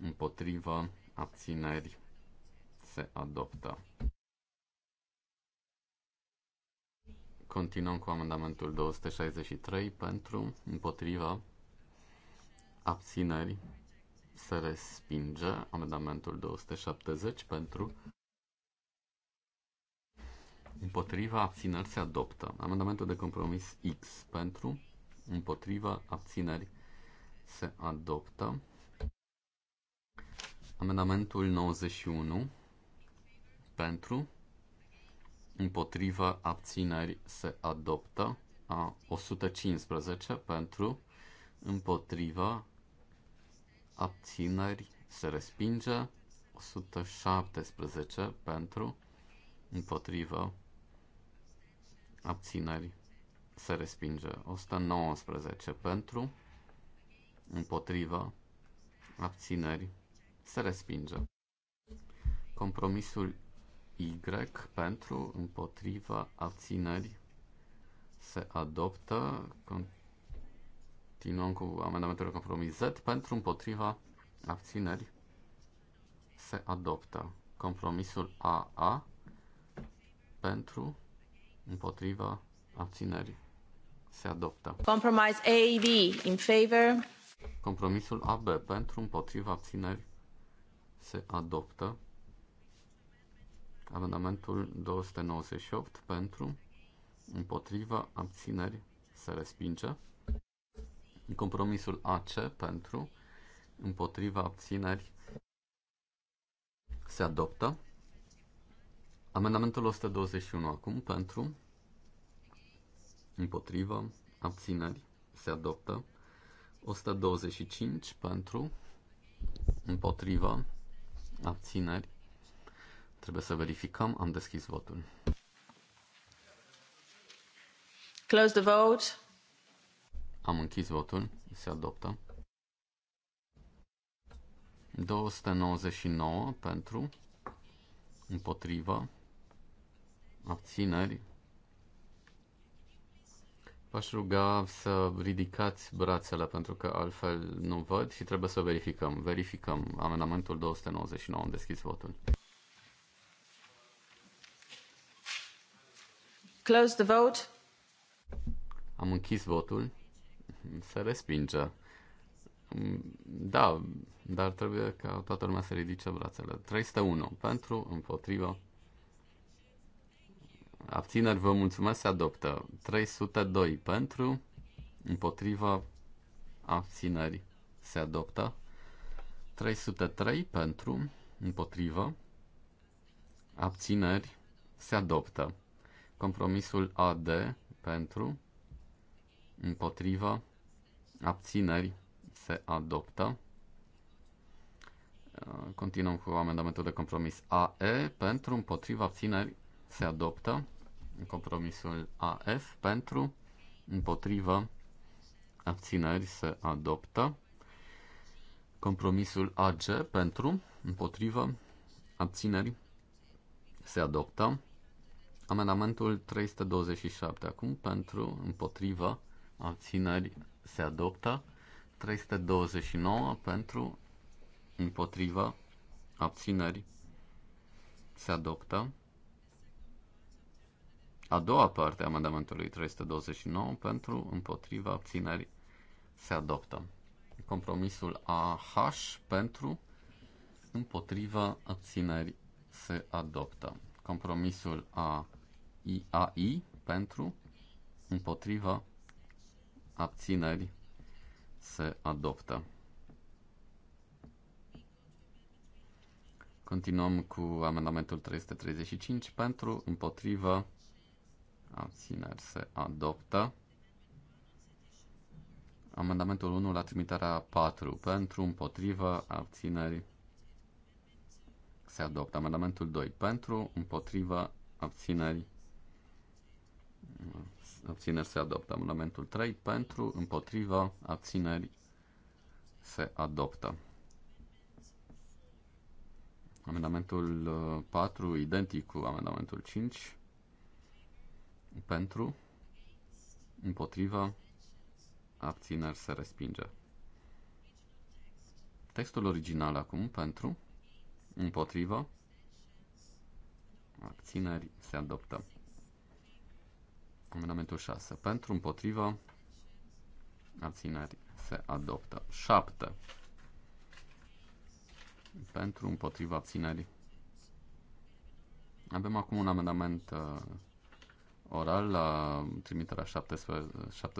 împotriva, abțineri, se adoptă. Continuăm cu amendamentul 263 pentru, împotriva, abțineri, se respinge amendamentul 270 pentru, împotriva, abțineri se adoptă. Amendamentul de compromis X pentru, împotriva, abțineri se adoptă. Amendamentul 91 pentru, împotriva, abțineri se adoptă. A 115 pentru, împotriva, abțineri se respinge. 117 pentru, împotriva, abțineri, se respinge. 119 pentru, împotrivă, abțineri, se respinge. Compromisul Y pentru, împotriva, abțineri, se adoptă. Continuăm cu amendamentul compromis Z pentru, împotriva, abțineri, se adoptă. Compromisul AA pentru, împotriva, abținerii. se adoptă. Compromise AB in favor. Compromisul AB pentru împotriva abținerii se adoptă. Amendamentul 298 pentru împotriva abținerii se respinge. Compromisul AC pentru împotriva abținerii se adoptă. Amendamentul 121 acum pentru, împotrivă, abțineri, se adoptă. 125 pentru, împotrivă, abțineri. Trebuie să verificăm, am deschis votul. Close the vote. Am închis votul, se adoptă. 299 pentru, împotrivă, abțineri, v-aș ruga să ridicați brațele pentru că altfel nu văd și trebuie să verificăm. Verificăm amendamentul 299. Am deschis votul. Close the vote. Am închis votul. Se respinge. Da, dar trebuie ca toată lumea să ridice brațele. 301 pentru, împotriva, Abțineri, vă mulțumesc, se adoptă. 302 pentru, împotriva, abțineri, se adoptă. 303 pentru, împotriva, abțineri, se adoptă. Compromisul AD pentru, împotriva, abțineri, se adoptă. Continuăm cu amendamentul de compromis AE pentru, împotriva, abțineri, se adoptă. Compromisul AF pentru, împotrivă, abțineri se adoptă. Compromisul AG pentru, împotrivă, abțineri se adoptă. Amendamentul 327 acum pentru, împotrivă, abțineri se adoptă. 329 pentru, împotrivă, abțineri se adoptă. A doua parte a amendamentului 329 pentru împotriva abțineri se adoptă. Compromisul AH pentru împotriva abțineri se adoptă. Compromisul AI pentru împotriva abținerii se adoptă. Continuăm cu amendamentul 335 pentru împotriva abțineri se adoptă. Amendamentul 1 la trimiterea 4 pentru, împotrivă, abțineri se adoptă. Amendamentul 2 pentru, împotrivă, abțineri abțineri se adoptă. Amendamentul 3 pentru, împotrivă, abțineri se adoptă. Amendamentul 4 uh, identic cu amendamentul 5 pentru, împotriva, abțineri se respinge. Textul original acum pentru, împotriva, abțineri se adoptă. Amendamentul 6. Pentru, împotriva, abțineri se adoptă. 7. Pentru, împotriva, abțineri. Avem acum un amendament uh, oral la trimiterea 17,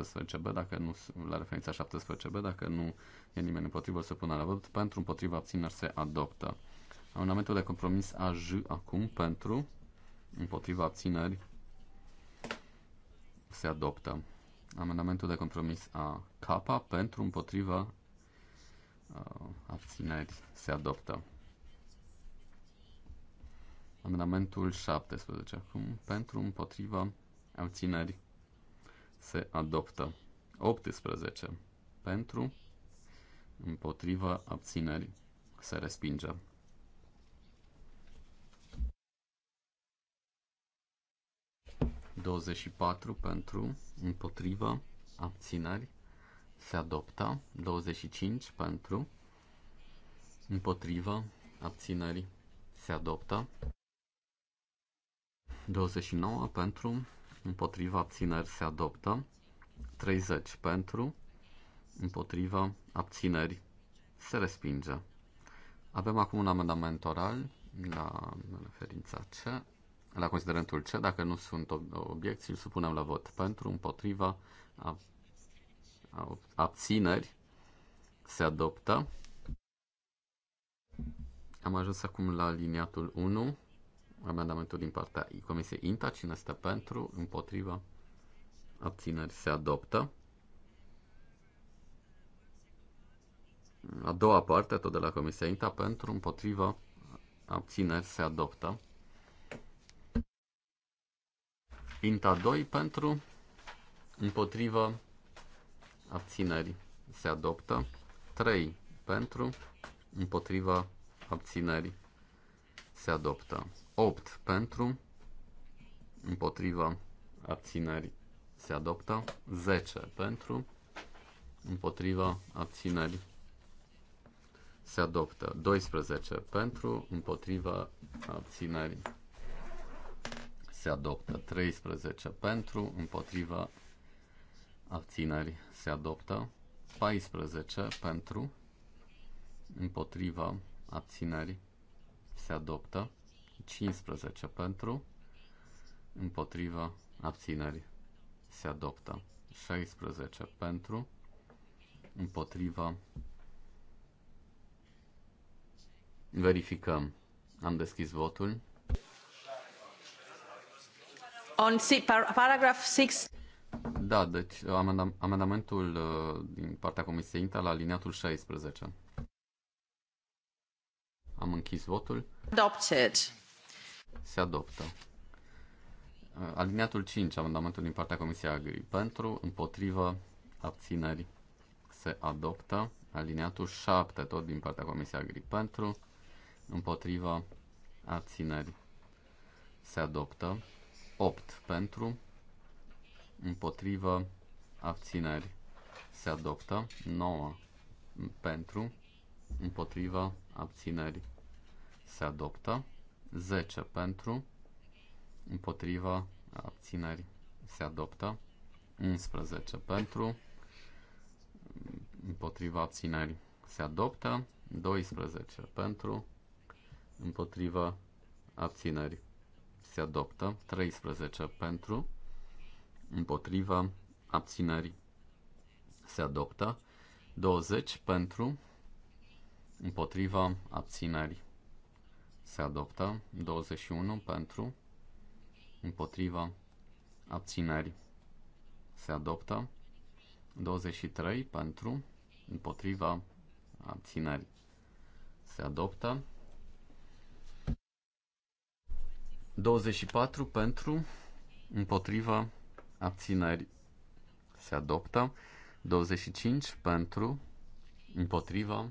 17B, dacă nu, la referința 17B, dacă nu e nimeni împotrivă, se pune la vot, pentru împotriva abțineri se adoptă. Amendamentul de compromis AJ acum pentru împotriva abțineri se adoptă. Amendamentul de compromis a capa pentru împotriva uh, abțineri se adoptă. Amendamentul 17 acum pentru împotriva abțineri se adoptă. 18 pentru împotriva abțineri se respinge. Douăzeci patru pentru împotriva abțineri se adoptă. 25 pentru împotriva abțineri se adoptă. 29 pentru, împotriva abțineri se adoptă, 30 pentru, împotriva abțineri se respinge. Avem acum un amendament oral la referința C, la considerentul C, dacă nu sunt obiecții, îl supunem la vot. Pentru, împotriva, abțineri se adoptă. Am ajuns acum la liniatul 1 Amendamentul din partea Comisiei INTA. Cine este pentru? Împotriva? Abțineri se adoptă. A doua parte, tot de la Comisia INTA, pentru, împotriva, abțineri se adoptă. INTA 2 pentru, împotriva, abțineri se adoptă. 3 pentru, împotriva, abțineri se adoptă. 8 pentru, împotriva abținerii se adoptă, 10 pentru, împotriva abținerii se adoptă, 12 pentru, împotriva abținerii se adoptă, 13 pentru, împotriva abținerii se adoptă, 14 pentru, împotriva abținerii se adoptă, 15 pentru, împotriva abțineri, se adoptă. 16 pentru, împotriva. Verificăm. Am deschis votul. On par- paragraph 6. Da, deci amendam- amendamentul uh, din partea Comisiei INTA la aliniatul 16. Am închis votul. Adopted se adoptă. Aliniatul 5, amendamentul din partea Comisiei Agri. Pentru, împotrivă, abțineri se adoptă. Aliniatul 7, tot din partea Comisiei Agri. Pentru, împotrivă, abțineri se adoptă. 8 pentru, împotrivă, abțineri se adoptă. 9 pentru, împotrivă, abțineri se adoptă. 10 pentru, împotriva abțineri se adoptă, 11 pentru, împotriva abțineri se adoptă, 12 pentru, împotriva abțineri se adoptă, 13 pentru, împotriva abțineri se adoptă, 20 pentru, împotriva abțineri se adoptă, 21 pentru, împotriva, abțineri, se adoptă, 23 pentru, împotriva, abțineri, se adoptă, 24 pentru, împotriva, abțineri, se adoptă, 25 pentru, împotriva,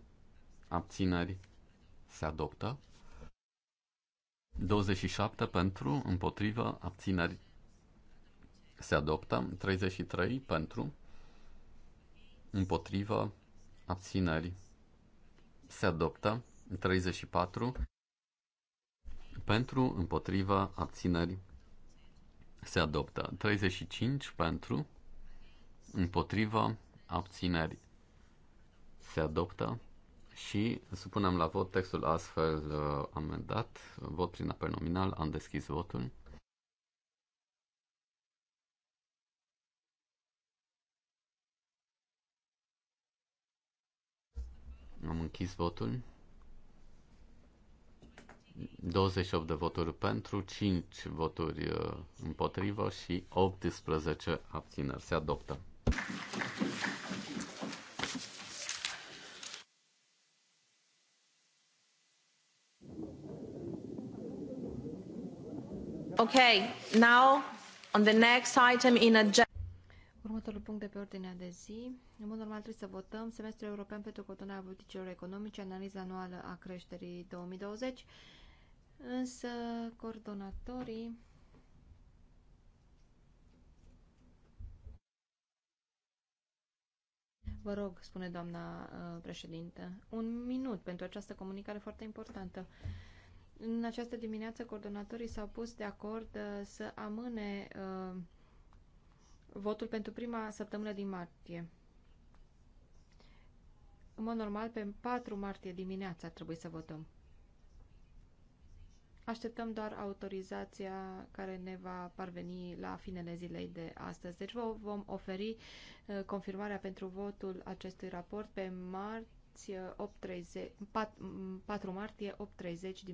abțineri, se adoptă. 27 pentru, împotrivă, abțineri se adoptă. 33 pentru, împotrivă, abțineri se adoptă. 34 pentru, împotrivă, abțineri se adoptă. 35 pentru, împotrivă, abțineri se adoptă și supunem la vot textul astfel uh, amendat. Vot prin apel nominal. Am deschis votul. Am închis votul. 28 de voturi pentru, 5 voturi uh, împotrivă și 18 abțineri. Se adoptă. Următorul punct de pe ordinea de zi. În mod normal trebuie să votăm semestrul european pentru cotonarea politicilor economice, analiza anuală a creșterii 2020, însă coordonatorii Vă rog, spune doamna uh, președintă, un minut pentru această comunicare foarte importantă. În această dimineață, coordonatorii s-au pus de acord uh, să amâne uh, votul pentru prima săptămână din martie. În mod normal, pe 4 martie dimineața trebuie să votăm. Așteptăm doar autorizația care ne va parveni la finele zilei de astăzi. Deci vă vom oferi uh, confirmarea pentru votul acestui raport pe marți 8.30, uh, 4 martie 8.30 din